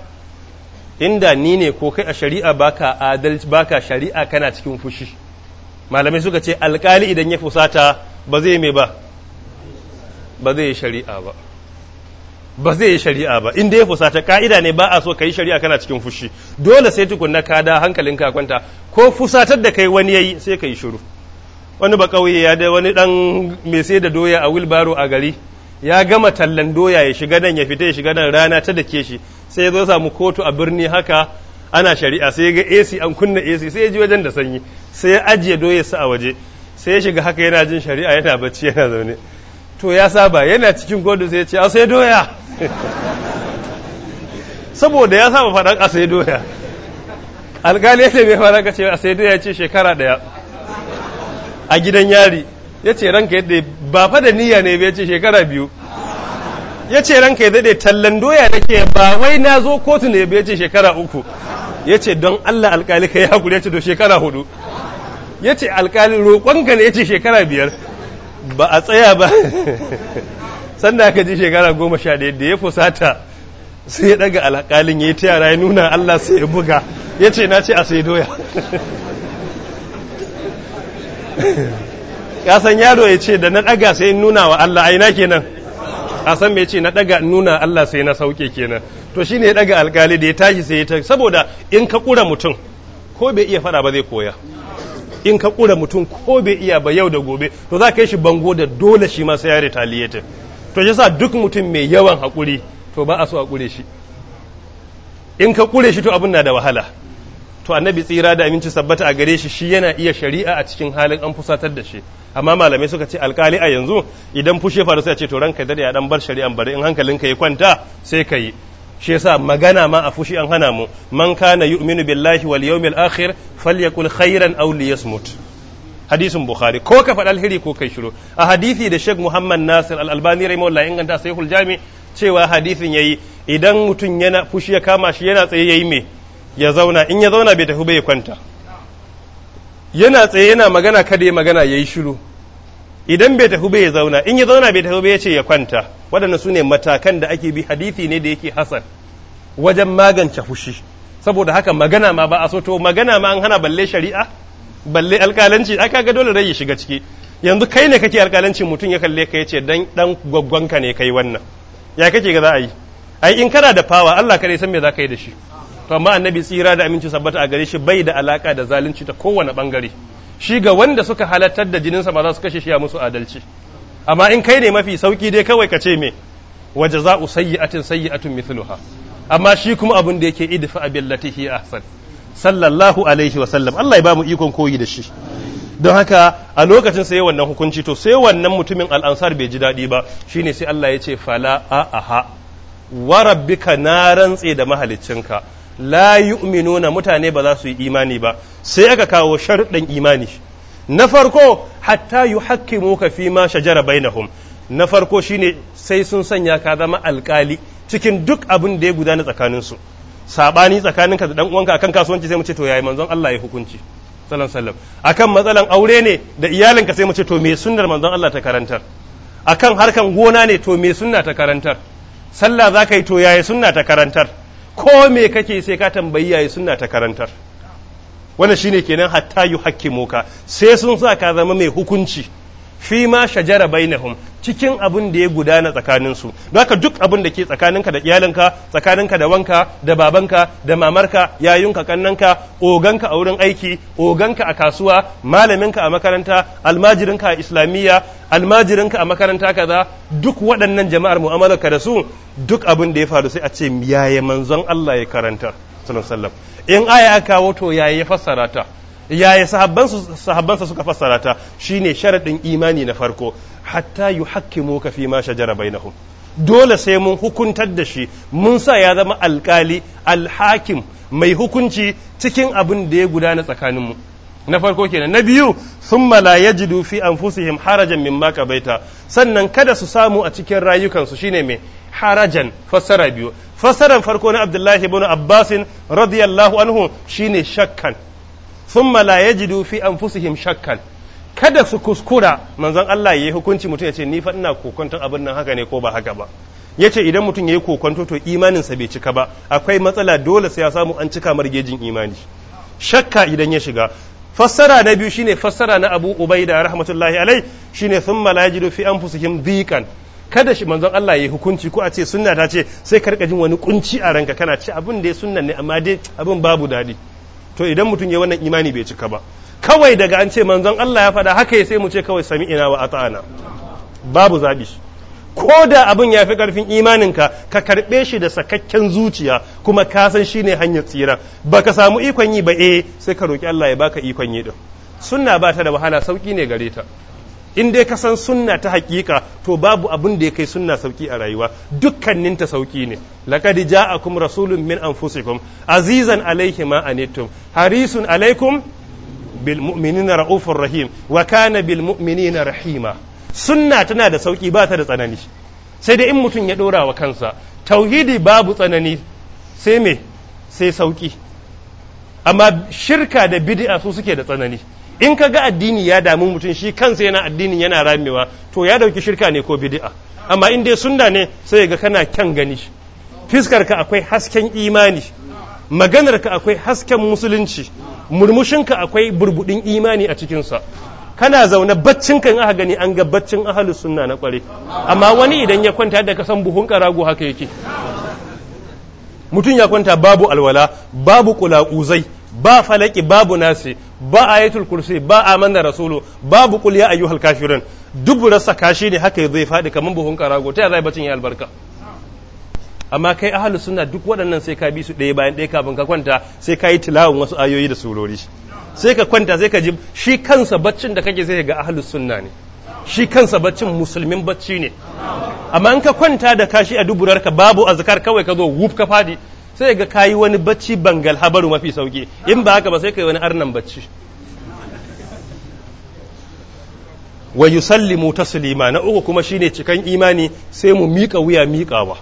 inda ni ne ko kai a shari'a baka adalci baka shari'a kana cikin fushi malamai suka ce alkali idan ya fusata ba zai mai ba ba zai yi shari'a ba ba zai shari'a ba inda ya fusata ka'ida ne ba a so ka yi shari'a kana cikin fushi dole sai tukunna ka da hankalin ka kwanta ko fusatar da kai wani yayi sai ka shiru wani ba kauye ya da wani dan mai sai da doya a wilbaro a gari ya gama tallan doya ya shiga nan ya fita ya shiga nan rana ta dake shi sai ya zo samu kotu a birni haka ana shari'a sai ya ga AC an kunna AC sai ya ji wajen da sanyi sai ya ajiye doyar sa a waje sai ya shiga haka yana jin shari'a yana bacci yana zaune to ya saba yana cikin godo sai ya ce a sai doya saboda ya saba fadan a sai doya alƙali ne mai fara ka ce a sai doya ce shekara ɗaya a gidan yari ya ce ranka yadda ba fa da niyya ne ya ce shekara biyu ya ce ranka ya daɗe tallan doya nake ba wai na zo kotu ne ya ce shekara uku ya ce don Allah alkali ka yi hakuri ya ce to shekara hudu ya ce alkali roƙonka ne ya ce shekara biyar ba a tsaya ba sanda aka ji shekara goma sha ɗaya da ya fusata sai ya ɗaga alkalin ya yi ta yara ya nuna Allah sai ya buga ya ce na ce a sai doya ya san yaro ya ce da na ɗaga sai nuna wa Allah aina kenan a san me ce na ɗaga nuna Allah sai na sauke kenan to shine ya daga alkali da ya tashi sai ya tashi saboda in ka ƙura mutum ko bai iya faɗa ba zai koya in ka ƙura mutum ko bai iya ba yau da gobe to za ka yi shi bango da dole shi ma sai ya retaliate to sa duk mutum mai yawan haƙuri to ba a so a ƙure shi in ka ƙure shi to abin na da wahala to annabi tsira da aminci sabbata a gare shi shi yana iya shari'a a cikin halin an fusatar da shi amma malamai suka ce alkali a yanzu idan fushe faru sai ce to ranka dade ya dan bar shari'an bari in hankalinka ya kwanta sai ka yi shi yasa magana ma a fushi an hana mu man kana yu'minu billahi wal yawmil akhir falyakul khairan aw liyasmut hadisin bukhari ko ka faɗa alheri ko kai shiru a hadisi da sheikh muhammad nasir al-albani rahimahullah inganta sayyidul jami cewa hadisin yayi idan mutum yana fushi ya kama shi yana tsaye yayi me ya zauna in ya zauna bai tafi bai kwanta yana tsaye yana magana kada ya magana ya yi shiru idan bai tafi bai zauna in ya zauna bai tafi bai ce ya kwanta waɗanne su ne matakan da ake bi hadithi ne da yake hasan wajen magance fushi saboda haka magana ma ba a so to magana ma an hana balle shari'a balle alƙalanci aka ga dole rai ya shiga ciki yanzu kai ne kake alƙalanci mutum ya kalle ka yace dan dan gwaggwanka ne kai wannan ya kake ga za a yi ai in kana da fawa Allah kare san me za ka yi da shi to amma annabi tsira da aminci sabbata a gare shi bai da alaka da zalunci ta kowane bangare shi ga wanda suka halartar da jininsa ba za su kashe shi ya musu adalci amma in kai ne mafi sauki dai kawai ka ce me wa jaza'u sayyi'atin sayyi'atun mithluha amma shi kuma abun da yake idfa hi ahsan sallallahu alaihi wa sallam Allah ya ba mu ikon koyi da shi don haka a lokacin sai wannan hukunci to sai wannan mutumin al'ansar bai ji daɗi ba shine sai Allah ya ce fala a aha wa rabbika na rantse da mahaliccinka la yu'minuna mutane ba za su yi imani ba sai aka kawo sharuɗan imani na farko hatta yuhakkimu ka fi ma shajara bainahum na farko shine sai sun sanya ka zama alkali cikin duk abin da ya gudana tsakanin su sabani tsakanin ka da dan uwanka akan kasuwanci sai mu ce to yayi manzon Allah ya hukunci sallallahu alaihi akan matsalan aure ne da iyalinka sai mu ce to me sunnar manzon Allah ta karantar akan harkan gona ne to me sunna ta karantar sallah zaka yi to yayi sunna ta karantar ko me kake sai ka tambayi yayi sunna ta karantar wannan shine kenan hatta yu hakimuka sai sun sa ka zama mai hukunci fi ma shajara bainahum cikin abin da ya gudana tsakanin su don haka duk abin da ke tsakaninka da iyalinka tsakaninka da wanka da babanka da mamarka yayunka kannanka oganka a wurin aiki oganka a kasuwa malaminka a makaranta almajirinka a islamiyya almajirinka a makaranta kaza duk waɗannan jama'ar mu'amalarka da su duk abin da ya faru sai a ce yaya manzon Allah ya karanta sallallahu alaihi wasallam in aya aka kawo to ya fassara ta yaya sahabbansa suka fassara ta shine sharaɗin imani na farko hatta yuhakkimu ka fi ma shajara bainahum dole sai mun hukuntar da shi mun sa ya zama alƙali alhakim mai hukunci cikin abin da ya gudana tsakaninmu na farko kenan na biyu thumma la yajidu fi anfusihim harajan mimma ta sannan kada su samu a cikin rayukansu shine mai harajan fassara biyu fassaran farko na Abdullahi ibn Abbasin radiyallahu anhu shine shakkan thumma la yajidu fi anfusihim shakkan kada su kuskura manzon Allah yayi hukunci mutum ya ce ni fa ina kokonton abin nan haka ne ko ba haka ba yace idan mutum yayi kokonto to imanin sa bai cika ba akwai matsala dole sai ya samu an cika margejin imani shakka idan ya shiga fassara na biyu shine fassara na Abu ubai da rahmatullahi alai shine thumma la yajidu fi anfusihim dhiqan kada shi manzon Allah ya hukunci ko a ce sunna ta ce sai karka jin wani kunci a ranka kana ci abin da ya sunna ne amma dai abin babu dadi to idan mutum ya wannan imani bai cika ba kawai daga an ce manzon Allah ya faɗa haka ya sai mu ce kawai sami ina wa ata'ana babu zabi ko da abin ya fi ƙarfin imaninka ka karɓe shi da sakakken zuciya kuma ka san shi ne hanyar tsira baka samu ikon yi ba eh sai ka roƙi Allah ya baka ikon yi din sunna ba ta da wahala sauƙi ne gare ta in dai ka san sunna ta hakika to babu abin da ya kai sunna sauki a rayuwa dukkanin ta sauki ne laqad ja'akum rasulun min anfusikum azizan alayhi ma anittum harisun alaykum bil mu'minina raufur rahim wa kana bil mu'minina rahima sunna tana da sauki ba ta da tsanani sai dai in mutum ya dora wa kansa tauhidi babu tsanani sai me sai sauki amma shirka da bid'a su suke da tsanani in ka ga addini ya damu mutum shi kansa yana addinin yana ramewa to ya dauki shirka ne ko bid'a amma in dai sunna ne sai ga kana kyan gani fiskar ka akwai hasken imani maganar ka akwai hasken musulunci murmushin ka akwai burbudin imani a cikin sa kana zaune baccin kan aka gani an ga baccin ahalus sunna na kware amma wani idan ya kwanta da kasan buhun karago haka yake mutum ya kwanta babu alwala babu kulaquzai ba falaki babu nasi ba ayatul kursi ba amanna rasulu babu qul ya ayyuhal kafirun dubura saka shi ne haka zai fadi kaman buhun karago ta zai bacin ya albarka amma kai ahlu sunna duk waɗannan sai ka bi su ɗaya bayan ɗaya kafin ka kwanta sai ka yi tilawun wasu ayoyi da surori sai ka kwanta sai ka ji shi kansa baccin da kake sai ga ahlus sunna ne shi kansa baccin musulmin bacci ne amma in ka kwanta da kashi a duburarka babu azkar kawai ka zo wuf ka fadi sai ga kayi wani bacci bangal habaru mafi sauki in ba haka ba sai kai wani arnan bacci wa yusallimu taslima na uku kuma shine cikan imani sai mu mika wuya miƙawa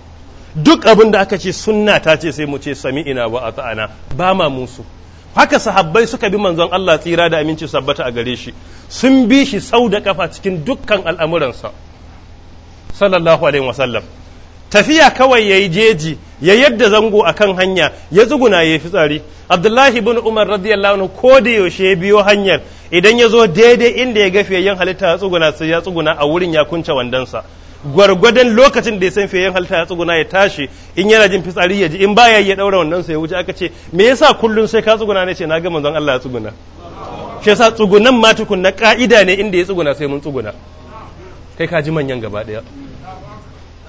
duk abin da aka ce sunna ta ce sai mu ce sami'ina wa ata'ana ba ma musu haka sahabbai suka bi manzon Allah tsira da aminci sabbata a gare shi sun bi shi sau da kafa cikin dukkan al'amuransa sallallahu alaihi wasallam tafiya kawai yayi jeji ya yadda zango a kan hanya ya tsuguna ya fitsari abdullahi bin umar radiyallahu anhu ko da yaushe ya biyo hanyar idan ya zo daidai inda ya ga yan halitta ya tsuguna sai ya tsuguna a wurin ya kunce wandansa gwargwadon lokacin da ya san yan halitta ya tsuguna ya tashi in yana jin fitsari ya ji in baya ya daura wannan ya wuce aka ce me yasa kullun sai ka tsuguna ne ce na ga manzon Allah ya tsuguna shi yasa tsugunan ma tukun na ka'ida ne inda ya tsuguna sai mun tsuguna kai ka ji manyan gaba daya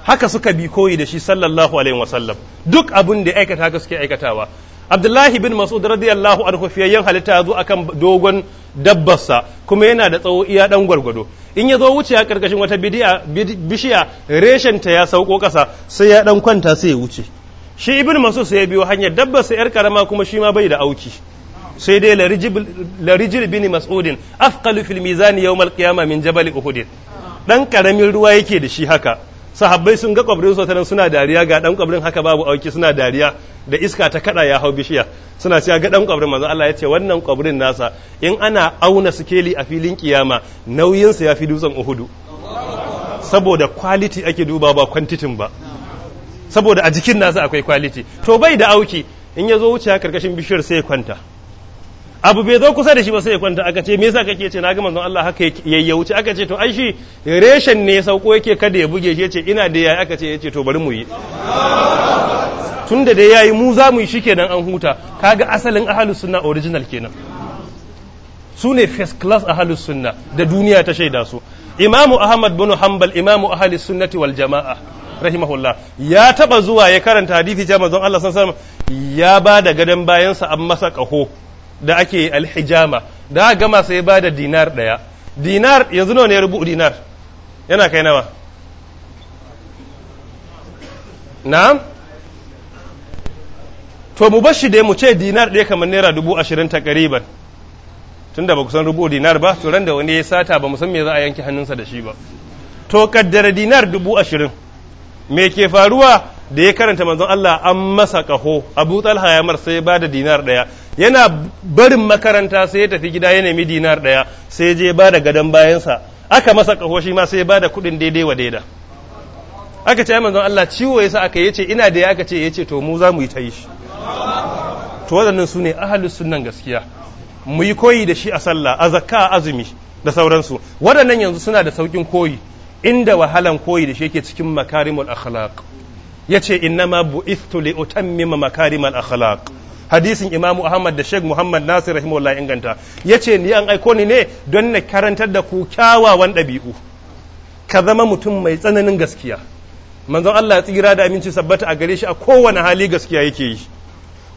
haka suka bi koyi da shi sallallahu alaihi wasallam duk abun da aikata haka suke aikatawa abdullahi bin mas'ud radiyallahu anhu yan halitta ya zo akan dogon dabbarsa kuma yana da tsawo iya dan gwargwado in ya zo wuce a karkashin wata bishiya reshen ta ya sauko kasa sai ya dan kwanta sai ya wuce shi ibn mas'ud sai ya biyo hanyar dabbarsa yar karama kuma shi ma bai da auki sai dai larijil bin mas'udin afqalu fil mizan yawm al qiyamah min jabal uhud dan karamin ruwa yake da shi haka sahabbai sun ga kwabirin sau nan suna dariya ga dan kwabirin haka babu auki suna dariya da iska ta kada ya hau bishiya suna cewa ga dan kwabrin manzo Allah ya ce wannan kwabirin nasa in ana auna sikeli a filin kiyama nauyinsa sa yafi dutsen Uhudu saboda quality ake duba ba quantity ba saboda a jikin nasa akwai quality to bai da auki in ya zo wuce karkashin bishiyar sai ya kwanta abu bai zo kusa da shi ba sai ya kwanta aka ce me yasa kake ce na ga manzon Allah haka ya wuce aka ce to ai shi reshen ne sauko yake kada ya buge shi yace ina da yayi aka ce yace to bari mu yi tunda da yayi mu za mu yi kenan an huta kaga asalin ahlus sunna original kenan su ne first class ahlus sunna da duniya ta shaida su imamu ahmad bin hanbal imamu ahlus sunnati wal jamaa rahimahullah ya taba zuwa ya karanta hadisi jama'a manzon Allah sallallahu alaihi wasallam ya ba da gadon bayansa an masa kaho da ake alhijama da aka gama sai ba da dinar ɗaya dinar yanzu nawa ne rubu dinar yana kai nawa na. to mu bashi dai mu ce dinar ɗaya kamar naira dubu ashirin ta tun tunda ba kusan san rubu dinar ba to ran da wani ya sata ba mu san me za a yanke hannunsa da shi ba to kaddara dinar dubu ashirin me ke faruwa da ya karanta manzon Allah an masa kaho Abu Talha ya mar sai ba da dinar daya. yana barin makaranta sai ya tafi gida ya nemi dinar ɗaya sai je ba da gadon bayansa aka masa ƙaho shi ma sai ya ba da kuɗin daidai wa daida aka ce manzon Allah ciwo yasa aka yace ina da ya aka ce yace to mu za mu yi ta yi shi to waɗannan su ne ahalus sunnan gaskiya mu yi koyi da shi a sallah a zakka a azumi da sauransu waɗannan yanzu suna da saukin koyi inda wahalan koyi da shi yake cikin makarimul akhlaq yace innama bu'ithtu li utammima makarimul akhlaq hadisin imamu ahmad da sheikh muhammad nasir rahimahullah inganta yace ni an aiko ni ne don na karantar da ku kyawawan ɗabi'u ka zama mutum mai tsananin gaskiya manzon Allah ya tsira da aminci sabbata a gare shi a kowane hali gaskiya yake yi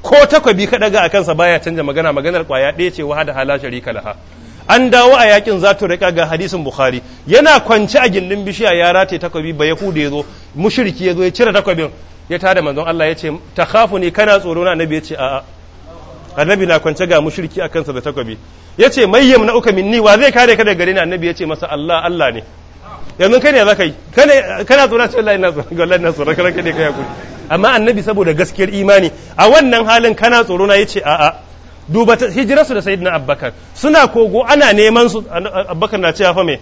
ko takwabi ka daga a kansa baya canja magana maganar kwaya ɗaya ce hada hala sharika laha an dawo a yakin za ta rika ga hadisin bukhari yana kwance a gindin bishiya ya rataye takwabi ba yahuda ya zo mushriki ya zo ya cire takwabin ya tada manzon Allah ya ce ta khafu ne kana tsoro na annabi ya ce a'a annabi na kwance ga mushriki a kansa da takwabi ya ce mayyam na uka minni wa zai kare ka daga gare ni annabi ya ce masa Allah Allah ne yanzu kai ne za ka yi kana tsoron ce Allah ina tsoron wallahi ina tsoron kana kai ya kuri amma annabi saboda gaskiyar imani a wannan halin kana tsoro na ya ce a'a duba hijirarsu da sayyidina abbakar suna kogo ana neman su abbakar na cewa fa me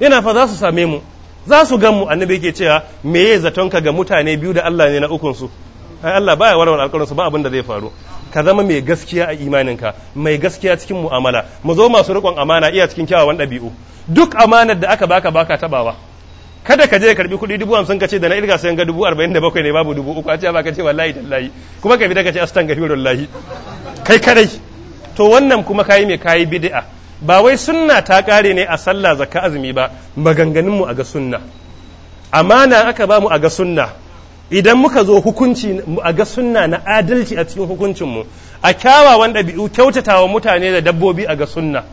yana fa za su same mu za su gan mu annabi yake cewa meye zaton ka ga mutane biyu da Allah ne na ukun su ai Allah baya warware alƙawarin su ba abin da zai faru ka zama mai gaskiya a imaninka mai gaskiya cikin mu'amala mu zo masu riƙon amana iya cikin kyawawan ɗabi'u duk amanar da aka baka baka tabawa kada ka je karbi kuɗi dubu hamsin ka ce da na irga sayan ga dubu arba'in da bakwai ne babu dubu uku a ce ba ka ce wallahi tallahi kuma ka bi daga ce astan gafirun lahi kai kadai to wannan kuma kayi mai kayi bid'a ba wai sunna ta ƙare ne a sallah zakka azumi ba maganganunmu mu a ga sunna amana aka ba mu a ga sunna idan muka zo hukunci a ga sunna na adalci a cikin hukuncin mu a kyawawan ɗabi'u kyautatawa mutane da dabbobi a ga sunna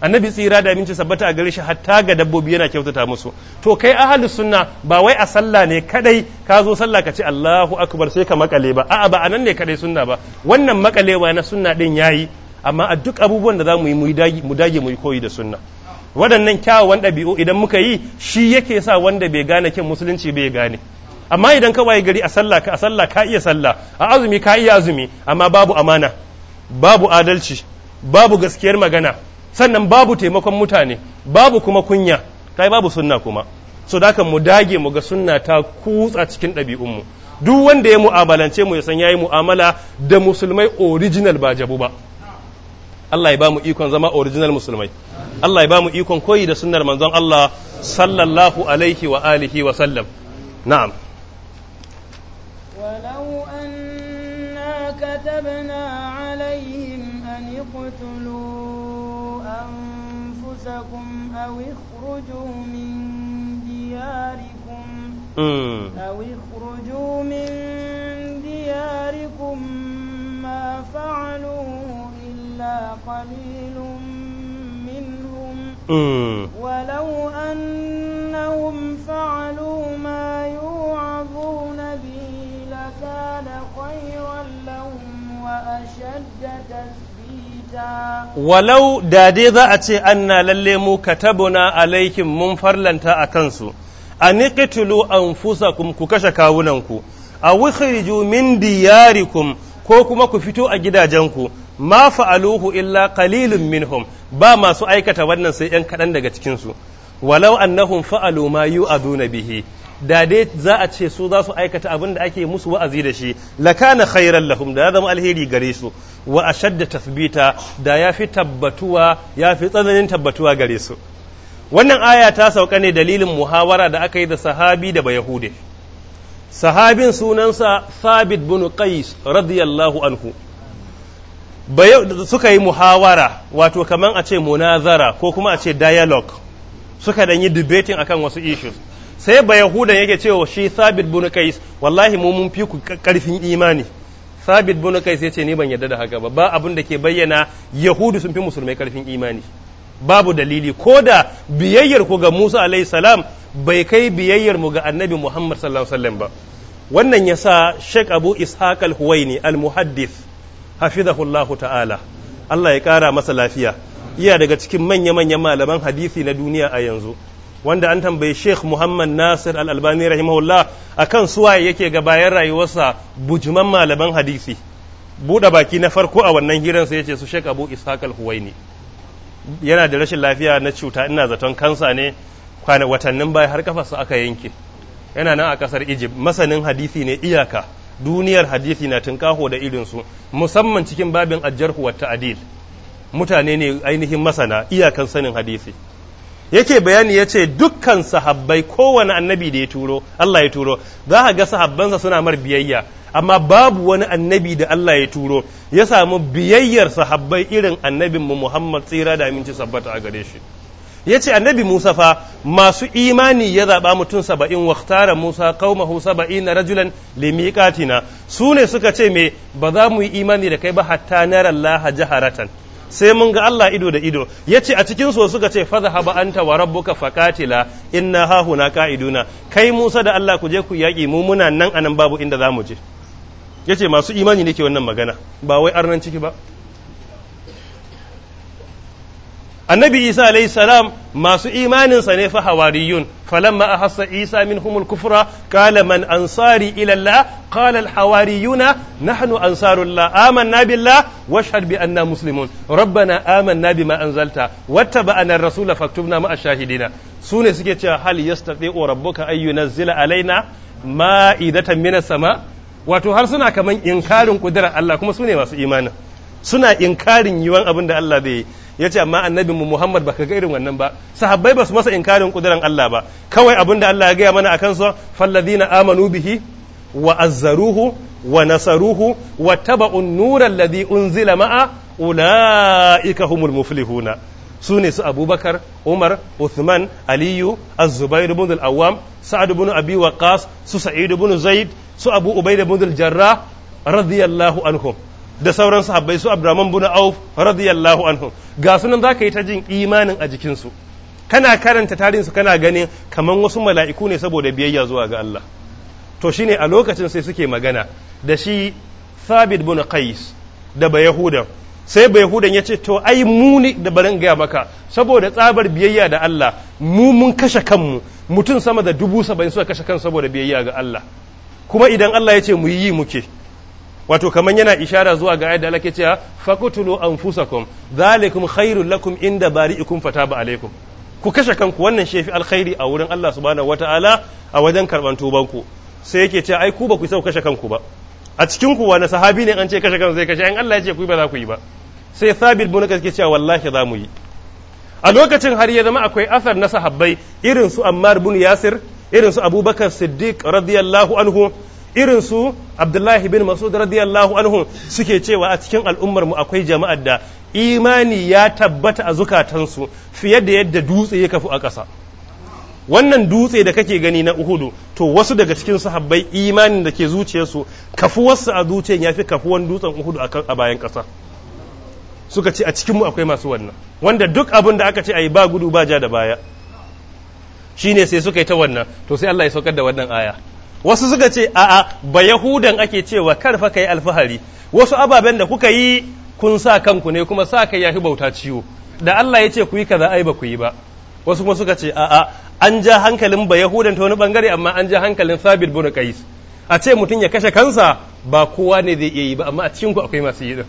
annabi tsira da aminci sabbata a gare shi hatta ga dabbobi yana kyautata musu to kai ahli sunna ba wai a sallah ne kadai ka zo sallah ka ce Allahu akbar sai ka makale ba a'a ba anan ne kadai sunna ba wannan makalewa na sunna din yayi amma a duk abubuwan da za mu yi mu dage mu yi koyi da sunna waɗannan kyawawan ɗabi'u idan muka yi shi yake sa wanda bai gane kin musulunci bai gane amma idan ka waye gari a sallah ka a sallah ka iya sallah a azumi ka iya azumi amma babu amana babu adalci babu gaskiyar magana sannan babu taimakon mutane babu kuma kunya kai babu sunna kuma so da mu dage mu ga sunna ta kutsa cikin ɗabi'un mu duk wanda ya mu'amalance mu ya san yayi mu'amala da musulmai original ba jabu ba Allah ya ba mu ikon zama original musulmai Allah ya ba mu ikon koyi da sunnar manzon Allah sallallahu alaihi wa alihi wa sallam na'am walau أنا كتبنا عليهم أن اقتلوا أنفسكم أو اخرجوا من دياركم أو اخرجوا من دياركم ما فعلوه Walau da za a ce an na lalle mu ka tabo na alaikin mun farlanta a kansu, a ni ƙitulu an fusa ku kashe kawunanku, a wuƙi riju min diyarikun ko kuma ku fito a gidajenku, ma fa'aluhu illa qalilun minhum ba masu aikata wannan sai ‘yan kaɗan daga cikinsu walau annahum fa'alu ma yu'aduna bihi da dai za a ce su za su aikata abin da ake musu wa'azi da shi lakana khairan lahum da ya zama alheri gare su wa shadda tasbita da ya fi tabbatuwa ya fi tsananin tabbatuwa gare su wannan aya ta sauka ne dalilin muhawara da aka yi da sahabi da bayahude sahabin sunansa thabit bin qais radiyallahu anhu suka yi muhawara wato kamar a ce munazara ko kuma a ce dialogue suka dan yi debating akan wasu issues sai ba yahudan yake cewa shi sabit bin qais wallahi mu mun fi ku karfin imani sabit bin qais yace ni ban yarda da haka ba ba abin da ke bayyana yahudu sun fi musulmai karfin imani babu dalili ko da biyayyar ku ga Musa alayhi salam bai kai biyayyar mu ga Annabi Muhammad sallallahu alaihi wasallam ba wannan yasa Sheikh Abu Ishaq al-Huwaini al-Muhaddith hafizahullahu ta'ala Allah ya kara masa lafiya iya daga cikin manya-manyan malaman hadisi na duniya a yanzu wanda an tambayi Sheikh Muhammad Nasir Al-Albani rahimahullah akan suwa yake ga bayan rayuwarsa bujuman malaman hadisi buɗe baki na farko a wannan hiran sai yace su Sheikh Abu Ishaq Al-Huwaini yana da rashin lafiya na cuta ina zaton kansa ne kwana watannin baya har kafarsa aka yanke yana nan a kasar Egypt masanin hadisi ne iyaka duniyar hadisi na tunkaho da irin su musamman cikin babin ajjarhu wa ta'dil mutane ne ainihin masana iyakan sanin hadisi yake bayani ya ce dukkan sahabbai kowane annabi da ya turo Allah ya turo za ka ga sahabbansa suna mar biyayya amma babu wani annabi da Allah ya turo ya samu biyayyar sahabbai irin annabin mu Muhammad tsira da aminci sabbata a gare shi ya ce annabi musa fa masu imani ya zaɓa mutum saba'in waktara musa qaumahu saba'in na rajulan limiqatina su ne suka ce me ba za mu yi imani da kai ba hatta laha jaharatan sai mun ga Allah ido da ido ya ce a cikin so suka ce faza haba anta wa rabbuka faqatila inna hahuna qa'iduna kai Musa da Allah ku je ku yaƙi mu muna nan anan babu inda za mu je ya ce masu imani ne ke wannan magana ba wai arnan ciki ba annabi isa alayhi salam masu imanin sa ne fa hawariyun falamma ahassa isa minhumul kufra qala man ansari ila allah qala al hawariyuna nahnu ansarullah amanna billah washhad bi anna muslimun rabbana amanna bima anzalta wattaba'na ar-rasula faktubna a shahidina sune suke cewa hal yastati'u rabbuka zila alaina ma'idatan minas sama wato har suna kaman inkarin kudirar Allah kuma sune masu imanin suna inkarin yiwan abin da Allah zai yi ya ce amma annabi mu Muhammad baka ga irin wannan ba sahabbai ba su masa inkarin kudiran Allah ba kawai abin da Allah ya gaya mana akan sa falladina amanu bihi wa azzaruhu wa nasaruhu wa taba'un nura alladhi unzila ma'a ulaika humul muflihuna su ne su abubakar umar uthman aliyu az-zubair ibn al-awwam sa'ad ibn abi waqas su sa'id ibn zaid su abu ubaid ibn al-jarrah radiyallahu anhum da sauran sahabbai su Abdurrahman bin Auf radiyallahu anhu ga sunan zaka yi ta jin imanin a jikinsu. kana karanta tarihin su kana ganin kaman wasu mala'iku ne saboda biyayya zuwa ga Allah to shine a lokacin sai suke magana da shi Thabit bin Qais da Bayahudan sai Bayahudan ya ce to ai muni da barin gaya maka saboda tsabar biyayya da Allah mu mun kashe kanmu mutum sama da dubu saba'in suka kashe kan saboda biyayya ga Allah kuma idan Allah ya ce mu yi muke wato kamar yana ishara zuwa ga ayat da Allah ke cewa fakutulu anfusakum zalikum khairul lakum inda bari'ikum fataba alaikum ku kashe kanku wannan shefi alkhairi a wurin Allah subhanahu wataala a wajen karban tubanku sai yake cewa ai ku ba ku sai kashe kanku ba a cikin ku wani sahabi ne an ce kashe kanku zai kashe an Allah ya ce ku ba za ku yi ba sai thabit bin kas ke cewa wallahi za mu yi a lokacin har ya zama akwai asar na sahabbai irin su ammar bin yasir irin su abubakar siddiq radiyallahu anhu irin su abdullahi bin masud radiyallahu anhu suke cewa a cikin al'ummar mu akwai jama'ar da imani ya tabbata a zukatansu fiye da yadda dutse ya kafu a ƙasa wannan dutse da kake gani na uhudu to wasu daga cikin sahabbai imanin da ke zuciyarsu kafuwarsu a zuciyar ya fi kafuwan dutsen uhudu a bayan ƙasa suka ce a cikinmu akwai masu wannan wanda duk abin da aka ce a yi ba gudu ba ja da baya shine sai suka yi ta wannan to sai Allah ya saukar da wannan aya wasu suka ce a'a ba yahudan ake cewa karfa ka yi alfahari wasu ababen da kuka yi kun sa kanku ne kuma sa kai yafi bauta ciwo da Allah ya ce ku yi kaza ai ba ku yi ba wasu kuma suka ce a'a an ja hankalin ba yahudan ta wani bangare amma an ja hankalin sabit bin qais a ce mutum ya kashe kansa ba kowa ne zai iya yi ba amma a cikin ku akwai masu yi din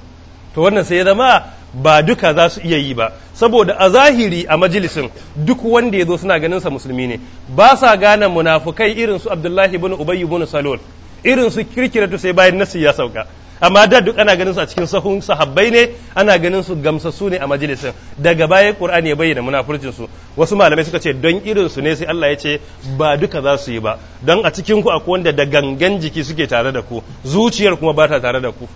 to wannan sai ya zama ba duka za su iya yi ba saboda a zahiri a majalisin duk wanda ya zo suna ganin sa musulmi ne ba sa gane munafukai irin su Abdullahi ibn ubayy ibn Salul irin su kirkiratu sai bayan nasi ya sauka amma da duk ana ganin su a cikin sahun sahabbai ne ana ganin su gamsassu ne a majalisin daga baya Qur'ani ya bayyana munafurcin su wasu malamai suka ce don irin su ne sai Allah ya ce ba duka za su yi ba don a cikin ku akwai wanda da gangan jiki suke tare da ku zuciyar kuma ba ta tare da ku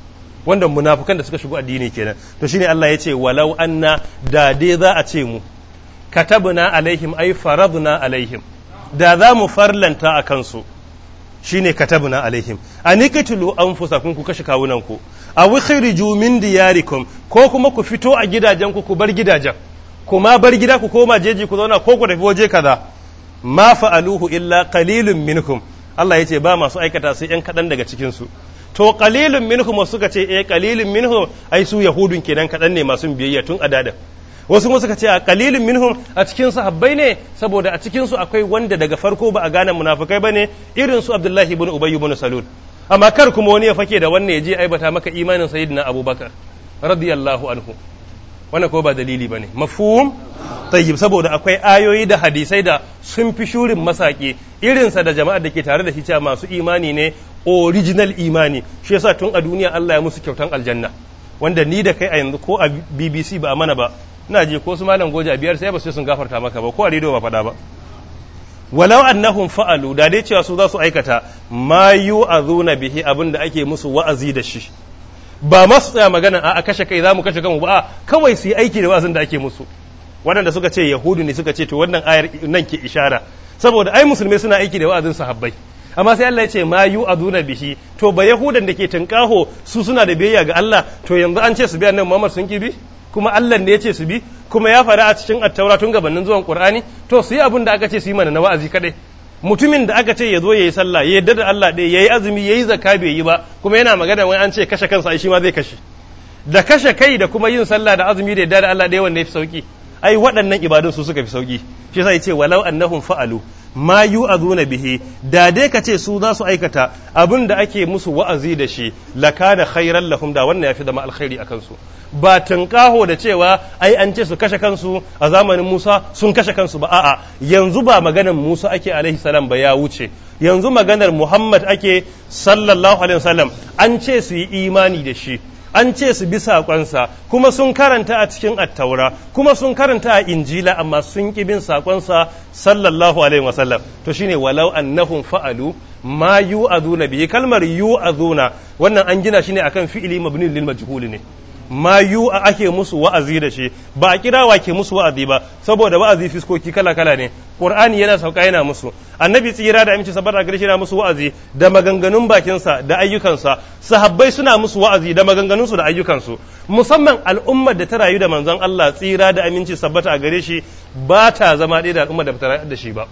wanda munafukan da suka shigo addini kenan to shine Allah yace walau anna da dai za a ce mu katabna alaihim ay faradna alaihim da za mu farlanta a kansu shine katabna alaihim anikatulu anfusakum ku kashe kawunan ku aw khiriju min diyarikum ko kuma ku fito a gidajen ku ku bar gidajen kuma bar gida ku koma jeji ku zauna ko ku tafi waje kaza ma fa'aluhu illa qalilun minkum Allah yace ba masu aikata sai ‘yan kaɗan daga cikin su to qalilun minhum suka ce eh qalilun minhum ai su yahudun kenan kadan ne masu biyayya tun a dadan wasu kuma suka ce a qalilun minhum a cikin sahabbai ne saboda a cikin su akwai wanda daga farko ba a gane munafikai bane irin su Abdullahi ibn Ubay ibn Salul amma kar kuma wani ya fake da wannan ya je aibata maka imanin sayyidina Abubakar radiyallahu anhu wannan ko ba dalili bane mafhum tayyib saboda akwai ayoyi da hadisai da sun fi shurin masaki irinsa da jama'ar da ke tare da shi cewa masu imani ne original imani shi yasa tun a duniya Allah ya musu kyautan aljanna wanda ni da kai a yanzu ko a BBC ba a mana ba ina je ko su malam goja biyar sai ba sai sun gafarta maka ba ko a rediyo ba fada ba walau annahum fa'alu da dai cewa su za su aikata ma yu'azuna bihi abinda da ake musu wa'azi da shi ba masu tsaya magana a kashe kai za mu kashe kanmu ba kawai su yi aiki da wa'azin da ake musu waɗanda suka ce yahudu ne suka ce to wannan ayar nan ke ishara saboda ai musulmai suna aiki da wa'azin sahabbai amma sai Allah ya ce ma yu aduna bihi to ba yahudan da ke tinkaho su suna da biyayya ga Allah to yanzu an ce su bi annabi Muhammad sun ki bi kuma Allah ne ya ce su bi kuma ya faɗa a cikin attaura tun gabanin zuwan Qur'ani to su yi abin da aka ce su yi mana na wa'azi kadai mutumin da aka ce ya zo ya yi sallah ya yarda da Allah ɗaya ya yi azumi ya yi zakka bai yi ba kuma yana magana wani an ce kashe kansa shi ma zai kashe da kashe kai da kuma yin sallah da azumi da yarda da Allah ɗaya wanda ya fi sauki ai waɗannan ibadun su suka fi sauki shi sai ce walau annahum fa'alu ma yu'azuna bihi da dai ka ce su za su aikata abin da ake musu wa'azi da shi lakana khairan lahum da wannan yafi zama alkhairi akan su ba tunƙaho da cewa ai an ce su kashe kansu a zamanin Musa sun kashe kansu ba a'a yanzu ba maganar Musa ake alaihi salam ba ya wuce yanzu maganar Muhammad ake sallallahu alaihi wasallam an ce su yi imani da shi an ce su bi saƙonsa kuma sun karanta a cikin attaura kuma sun karanta a injila amma sun ƙi bin saƙonsa sallallahu alaihi wasallam to shine walau annahum fa'alu ma yu'azuna bi kalmar yu'azuna wannan an gina shine akan fi'ili mabni lil majhul ne ma yu a ake musu wa'azi da shi ba a kira wa ke musu wa'azi ba saboda wa'azi fiskoki kala kala ne qur'ani yana sauka yana musu annabi tsira da aminci sabar agar shi yana musu wa'azi da maganganun bakinsa da ayyukansa sahabbai suna musu wa'azi da maganganunsu da ayyukansu musamman al'ummar da ta rayu da manzon Allah tsira da aminci sabbata a gare shi ba ta zama ɗaya da al'ummar da ta rayu da shi ba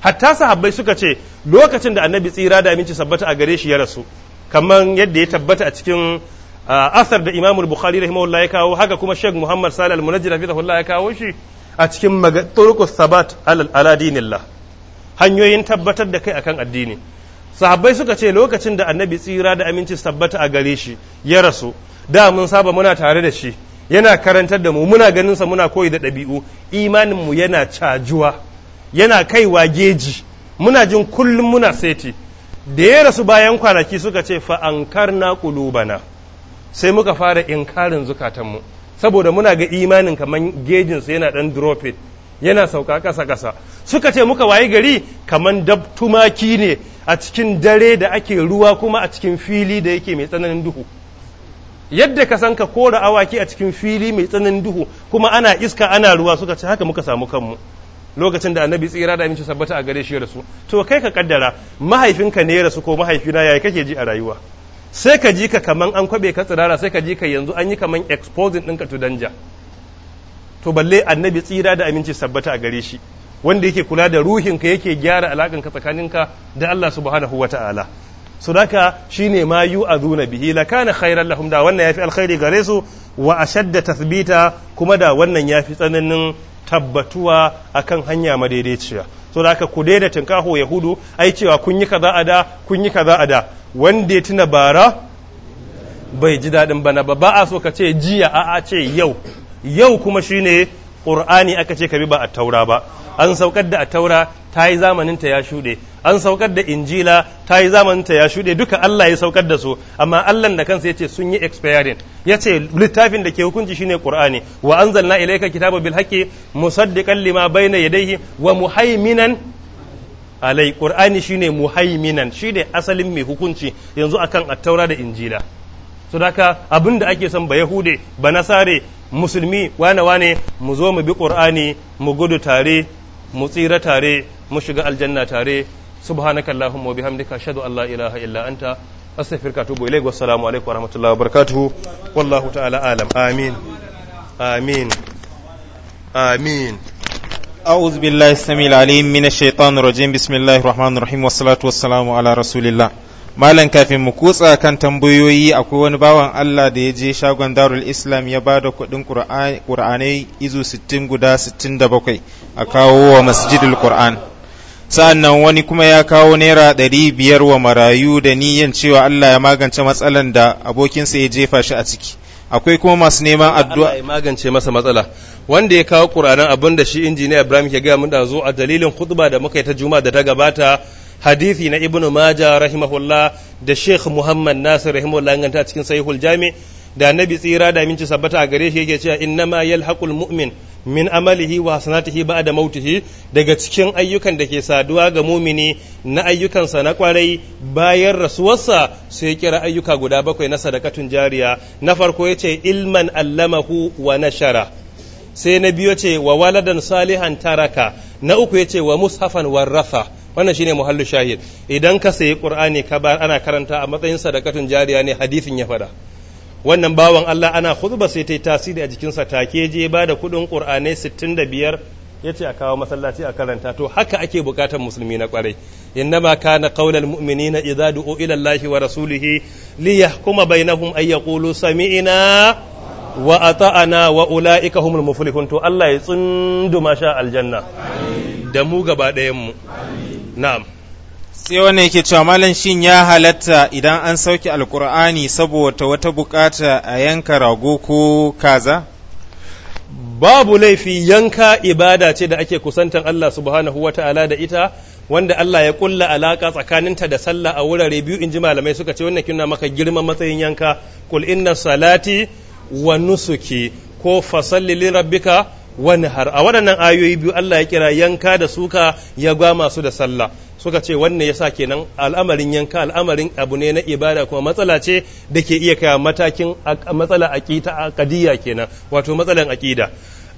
hatta sahabbai suka ce lokacin da annabi tsira da aminci sabbata a gare ya rasu kamar yadda ya tabbata a cikin asar da imamul bukhari rahimahullah ya kawo haka kuma sheikh muhammad salih al munajjid rahimahullah ya kawo shi a cikin turuqus sabat al dinillah hanyoyin tabbatar da kai akan addini sahabbai suka ce lokacin da annabi tsira da aminci tabbata a gare shi ya rasu da mun saba muna tare da shi yana karantar da mu muna ganin sa muna koyi da ɗabi'u imanin mu yana cajuwa yana kaiwa geji muna jin kullum muna saiti. da ya rasu bayan kwanaki suka ce fa ankarna bana. sai muka fara inkarin zukatanmu saboda muna ga imanin kamar gejinsa yana dan dropit yana sauka kasa kasa suka ce muka waye gari kamar dab tumaki ne a cikin dare da ake ruwa kuma a cikin fili da yake mai tsananin duhu yadda ka san ka kora awaki a cikin fili mai tsananin duhu kuma ana iska ana ruwa suka ce haka muka samu kanmu lokacin da annabi tsira da aminci sabbata a gare shi rasu to kai ka kaddara mahaifinka ne rasu ko mahaifina yayi kake ji a rayuwa sai ka ji ka kaman an kwabe ka tsirara sai ka ji ka yanzu an yi kaman exposing ɗinka to danja to balle annabi tsira da aminci sabbata a gare shi wanda yake kula da ruhinka yake gyara alaƙanka tsakaninka da Allah subhanahu wa ta'ala su daka ne ma a bihi la kana khairan lahum da wannan yafi alkhairi gare su wa ashadda tathbita kuma da wannan yafi tsananin tabbatuwa a kan hanya madaidaiciya so da ku daida tinkaho yahudu ai cewa kun yi kaza a da kun yi kaza a da wanda ya tuna bara bai ji daɗin bana ba ba a so ka ce jiya a a ce yau yau kuma shine ƙur'ani aka ce ka bi ba a taura ba an saukar da a taura ta yi zamaninta ya shuɗe an saukar da injila ta yi zamaninta ya shuɗe duka Allah ya saukar da su amma Allah da kansa ya ce sun yi expiring ya ce littafin da ke hukunci shine ƙur'ani wa anzalna ilayka kitabu bil haqqi musaddiqan lima bayna yadayhi wa muhaiminan alai ƙur'ani shine muhaiminan shine asalin mai hukunci yanzu akan attaura da injila so abinda abin ake son ba yahude ba nasare musulmi wane wane mu zo mu bi qur'ani mu gudu tare mu tsira tare mu shiga aljanna tare subhanakallahumma wa bihamdika ashhadu an la ilaha illa anta astaghfiruka wa atubu ilaik wa assalamu alaikum wa rahmatullahi wa barakatuh wallahu ta'ala alam amin amin amin أعوذ بالله السميع العليم من الشيطان الرجيم بسم الله الرحمن الرحيم والصلاة والسلام على رسول الله malam kafin mu kutsa kan tambayoyi akwai wani bawan Allah da ya je shagon darul islam ya ba da kuɗin ƙur'anai izu 60 guda bakwai a kawo wa masjidul ƙur'an sa'annan wani kuma ya kawo naira ɗari biyar wa marayu da niyan cewa Allah ya magance matsalan da abokinsa ya jefa shi a ciki akwai kuma masu neman addu'a ya magance masa matsala wanda ya kawo ƙur'anan abin da shi injiniya Ibrahim ke gaya mun da zo a dalilin khutba da muka yi ta Juma da ta gabata hadithi na ibnu maja rahimahullah da sheikh muhammad nasir rahimahullah a cikin sahihul jami da nabi tsira da minci sabbata a gare shi yake cewa ma yalhaqul mu'min min amalihi wa hasanatihi ba'da mautihi daga cikin ayyukan da ke saduwa ga mumini na ayyukansa na kwarai bayan rasuwarsa sai kira ayyuka guda bakwai na sadakatun jariya na farko yace ilman allamahu wa nashara sai na biyo ce wa waladan salihan taraka na uku ya ce wa mushafan warrafa wannan shine muhallu shahid idan ka sayi qur'ani ka bar ana karanta a matsayin sadakatun jariya ne hadisin ya fada wannan bawan Allah ana khutba sai ta yi tasiri a jikin sa take je ba da kudin qur'anai 65 ya ce a kawo masallaci a karanta to haka ake bukatar musulmi na kwarai innama kana qaulal mu'minina idza du'u ila allahi wa rasulihi li yahkuma bainahum ay yaqulu sami'na wa ta'ana wa ula'ika humul muflihun to Allah ya tsunduma sha aljanna da mu gaba ɗayan mu na'am sai wannan yake cewa malam shin ya halatta idan an sauke alkur'ani saboda wata bukata a yanka rago ko kaza babu laifi yanka ibada ce da ake kusantan Allah subhanahu wata'ala da ita wanda Allah ya kulla alaka tsakaninta da sallah a wurare biyu in ji malamai suka ce wannan na maka girman matsayin yanka kul inna salati wa nusuki ko fasalli li rabbika wani har a waɗannan ayoyi biyu Allah ya kira yanka da suka ya ga masu da sallah suka ce wannan yasa kenan al'amarin yanka al'amarin abu ne na ibada kuma matsala ce da ke iya kai matakin matsala aqida qadiyya kenan wato matsalan aqida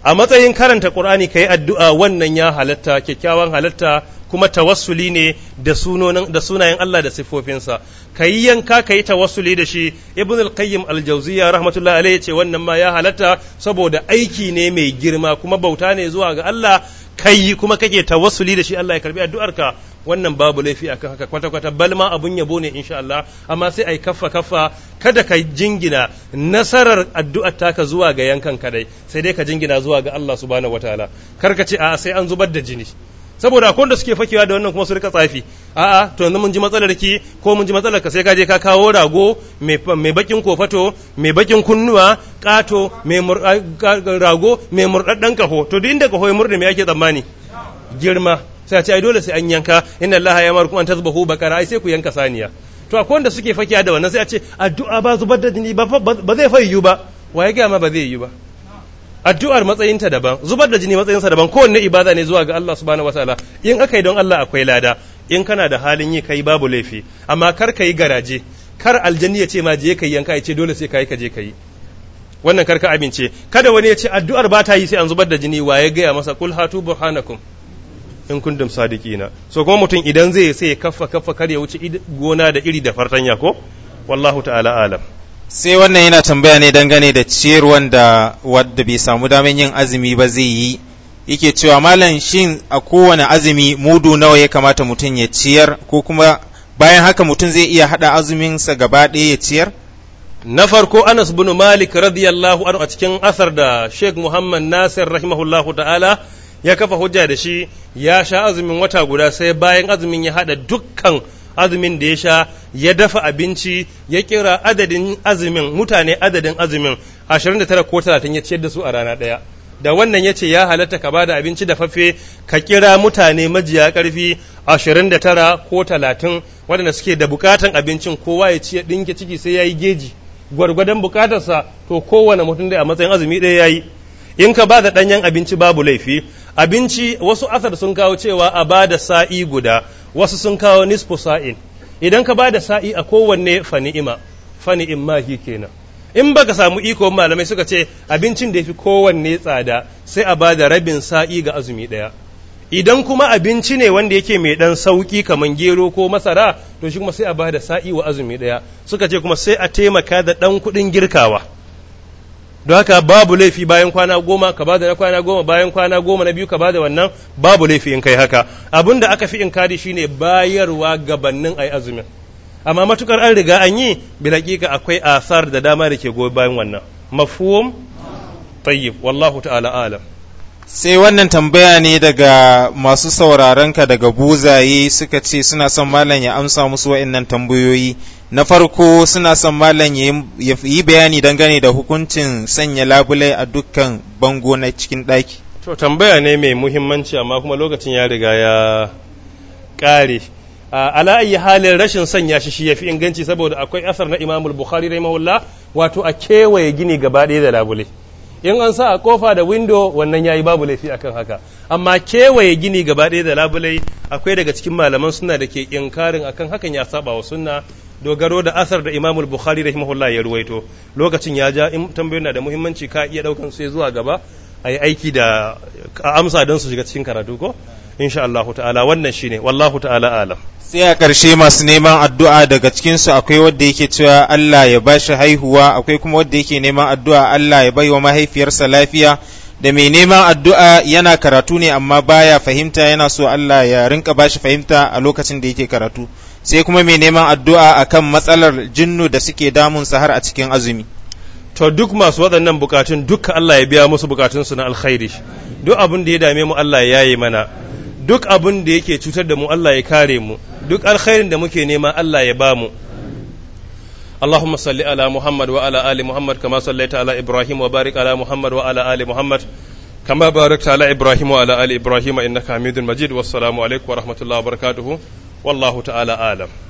a matsayin karanta qur'ani kai addu'a wannan ya halatta kyakkyawan halatta kuma tawassuli ne da sunonin da sunayen Allah da sifofinsa kayi yanka kayi tawassuli da shi ibn al-qayyim al-jawziyya rahmatullahi alayhi ce wannan ma ya halatta saboda aiki ne mai girma kuma bauta ne zuwa ga Allah kai kuma kake tawassuli da shi Allah ya karbi addu'arka wannan babu laifi akan haka kwata kwata bal ma abun yabo ne insha Allah amma sai ai kaffa kaffa kada ka jingina nasarar addu'ar taka zuwa ga yankan kadai sai dai ka jingina zuwa ga Allah subhanahu wataala kar ka ce a sai an zubar da jini saboda akwai da suke fakewa da wannan kuma su rika tsafi a'a to yanzu mun ji matsalar ki ko mun ji matsalar ka sai ka je ka kawo rago mai bakin kofato mai bakin kunnuwa kato mai rago mai murdaddan kaho to duk inda ka ya murda me yake tsammani girma sai ce ai dole sai an yanka inna allaha ya kuma an tazbahu bakara ai sai ku yanka saniya to akwai wanda suke fakewa da wannan sai a ce addu'a ba zubar da jini ba zai fayyu ba waye ga ma ba zai yi ba addu'ar matsayinta daban zubar da jini matsayinsa daban kowanne ibada ne zuwa ga Allah subhanahu wataala in aka yi don Allah akwai lada in kana da halin yi kai babu laifi amma kar ka yi garaje kar aljanni ya ce ma je ka yi yanka ya ce dole sai ka yi ka je ka yi wannan ka amince kada wani ya ce addu'ar ba ta yi sai an zubar da jini wa ya gaya masa kul hatu burhanakum in kuntum sadiqina so kuma mutum idan zai sai ya kaffa kaffa kar ya wuce gona da iri da fartanya ko wallahu ta'ala alam sai wannan yana tambaya ne dangane da ciyarwan da wadda bai samu damin yin azumi ba zai yi yake cewa malam shin a kowane azumi mudu nawa ya kamata mutum ya ciyar ko kuma bayan haka mutum zai iya hada azuminsa gaba ɗaya ya ciyar na farko Anas bin Malik radiyallahu anhu a cikin asar da Sheikh Muhammad Nasir rahimahullahu ta'ala ya kafa hujja da shi ya sha azumin wata guda sai bayan azumin ya hada dukkan azumin da ya sha ya dafa abinci ya kira adadin azumin mutane adadin azumin 29 ko 30 ya ciyar da su a rana ɗaya da wannan ya ce ya halatta ka bada abinci da fafe ka kira mutane majiya karfi 29 ko 30 waɗanda suke da bukatan abincin kowa ya ci ya ɗinke ciki sai ya yi geji gwargwadon bukatarsa to kowane mutum da a matsayin azumi ɗaya ya yi in ka ba da ɗanyen abinci babu laifi abinci wasu asar sun kawo cewa a ba da sa'i guda wasu sun kawo nisfu sa'in idan ka ba da sa'i a kowanne fani'ima fani'in mahi kenan in ba ka samu iko malamai suka ce abincin da ya fi kowanne tsada sai a ba da rabin sa'i ga azumi ɗaya idan kuma abinci ne wanda yake mai ɗan sauƙi kamar gero ko masara to shi kuma sai a ba da sa'i wa azumi ɗaya suka ce kuma sai a taimaka da ɗan kuɗin girkawa don haka babu laifi bayan kwana goma ka ba da na kwana goma bayan kwana goma na biyu ka ba da wannan babu laifi in kai haka abin da aka fi in kadi shi ne bayarwa gabannin ai azumin amma matukar an riga an yi bilakika akwai asar da dama da ke goyi bayan wannan mafhum tayyib wallahu ta'ala alam sai wannan tambaya ne daga masu ka daga buzaye suka ce suna son malam ya amsa musu wa'annan tambayoyi na farko suna son malam ya yi bayani dangane da hukuncin sanya labulai a dukkan bango na cikin ɗaki to tambaya ne mai muhimmanci amma kuma lokacin ya riga ya ƙare ala ayi halin rashin sanya shi shi yafi inganci saboda akwai asar na imamul bukhari rahimahullah wato a kewaye gini gaba ɗaya da labule in an sa a kofa da window wannan yayi babu laifi akan haka amma kewaye gini gaba ɗaya da labulai akwai daga cikin malaman suna da ke inkarin akan hakan ya saba wa sunna dogaro da asar da Imam Bukhari rahimahullah ya ruwaito lokacin ya ja in tambayoyin na da muhimmanci ka iya daukan su zuwa gaba a yi aiki da amsa don su shiga cikin karatu ko insha Allah ta'ala wannan shine wallahu ta'ala alam sai a ƙarshe masu neman addu'a daga cikinsu akwai wadda yake cewa Allah ya ba shi haihuwa akwai kuma wadda yake neman addu'a Allah ya bai wa mahaifiyarsa lafiya da mai neman addu'a yana karatu ne amma baya fahimta yana so Allah ya rinka ba shi fahimta a lokacin da yake karatu sai kuma mai neman addu'a akan matsalar jinnu da suke damunsa har a cikin azumi to duk masu waɗannan bukatun duka Allah ya biya musu bukatunsu na alkhairi duk abin da ya dame mu Allah ya yi mana duk abin da yake cutar da mu Allah ya kare mu duk alkhairin da muke nema Allah ya ba mu اللهم صل على محمد وعلى آل محمد كما صليت على إبراهيم وبارك على محمد وعلى آل محمد كما باركت على إبراهيم وعلى آل إبراهيم إنك حميد مجيد والسلام عليكم ورحمة الله وبركاته والله تعالى أعلم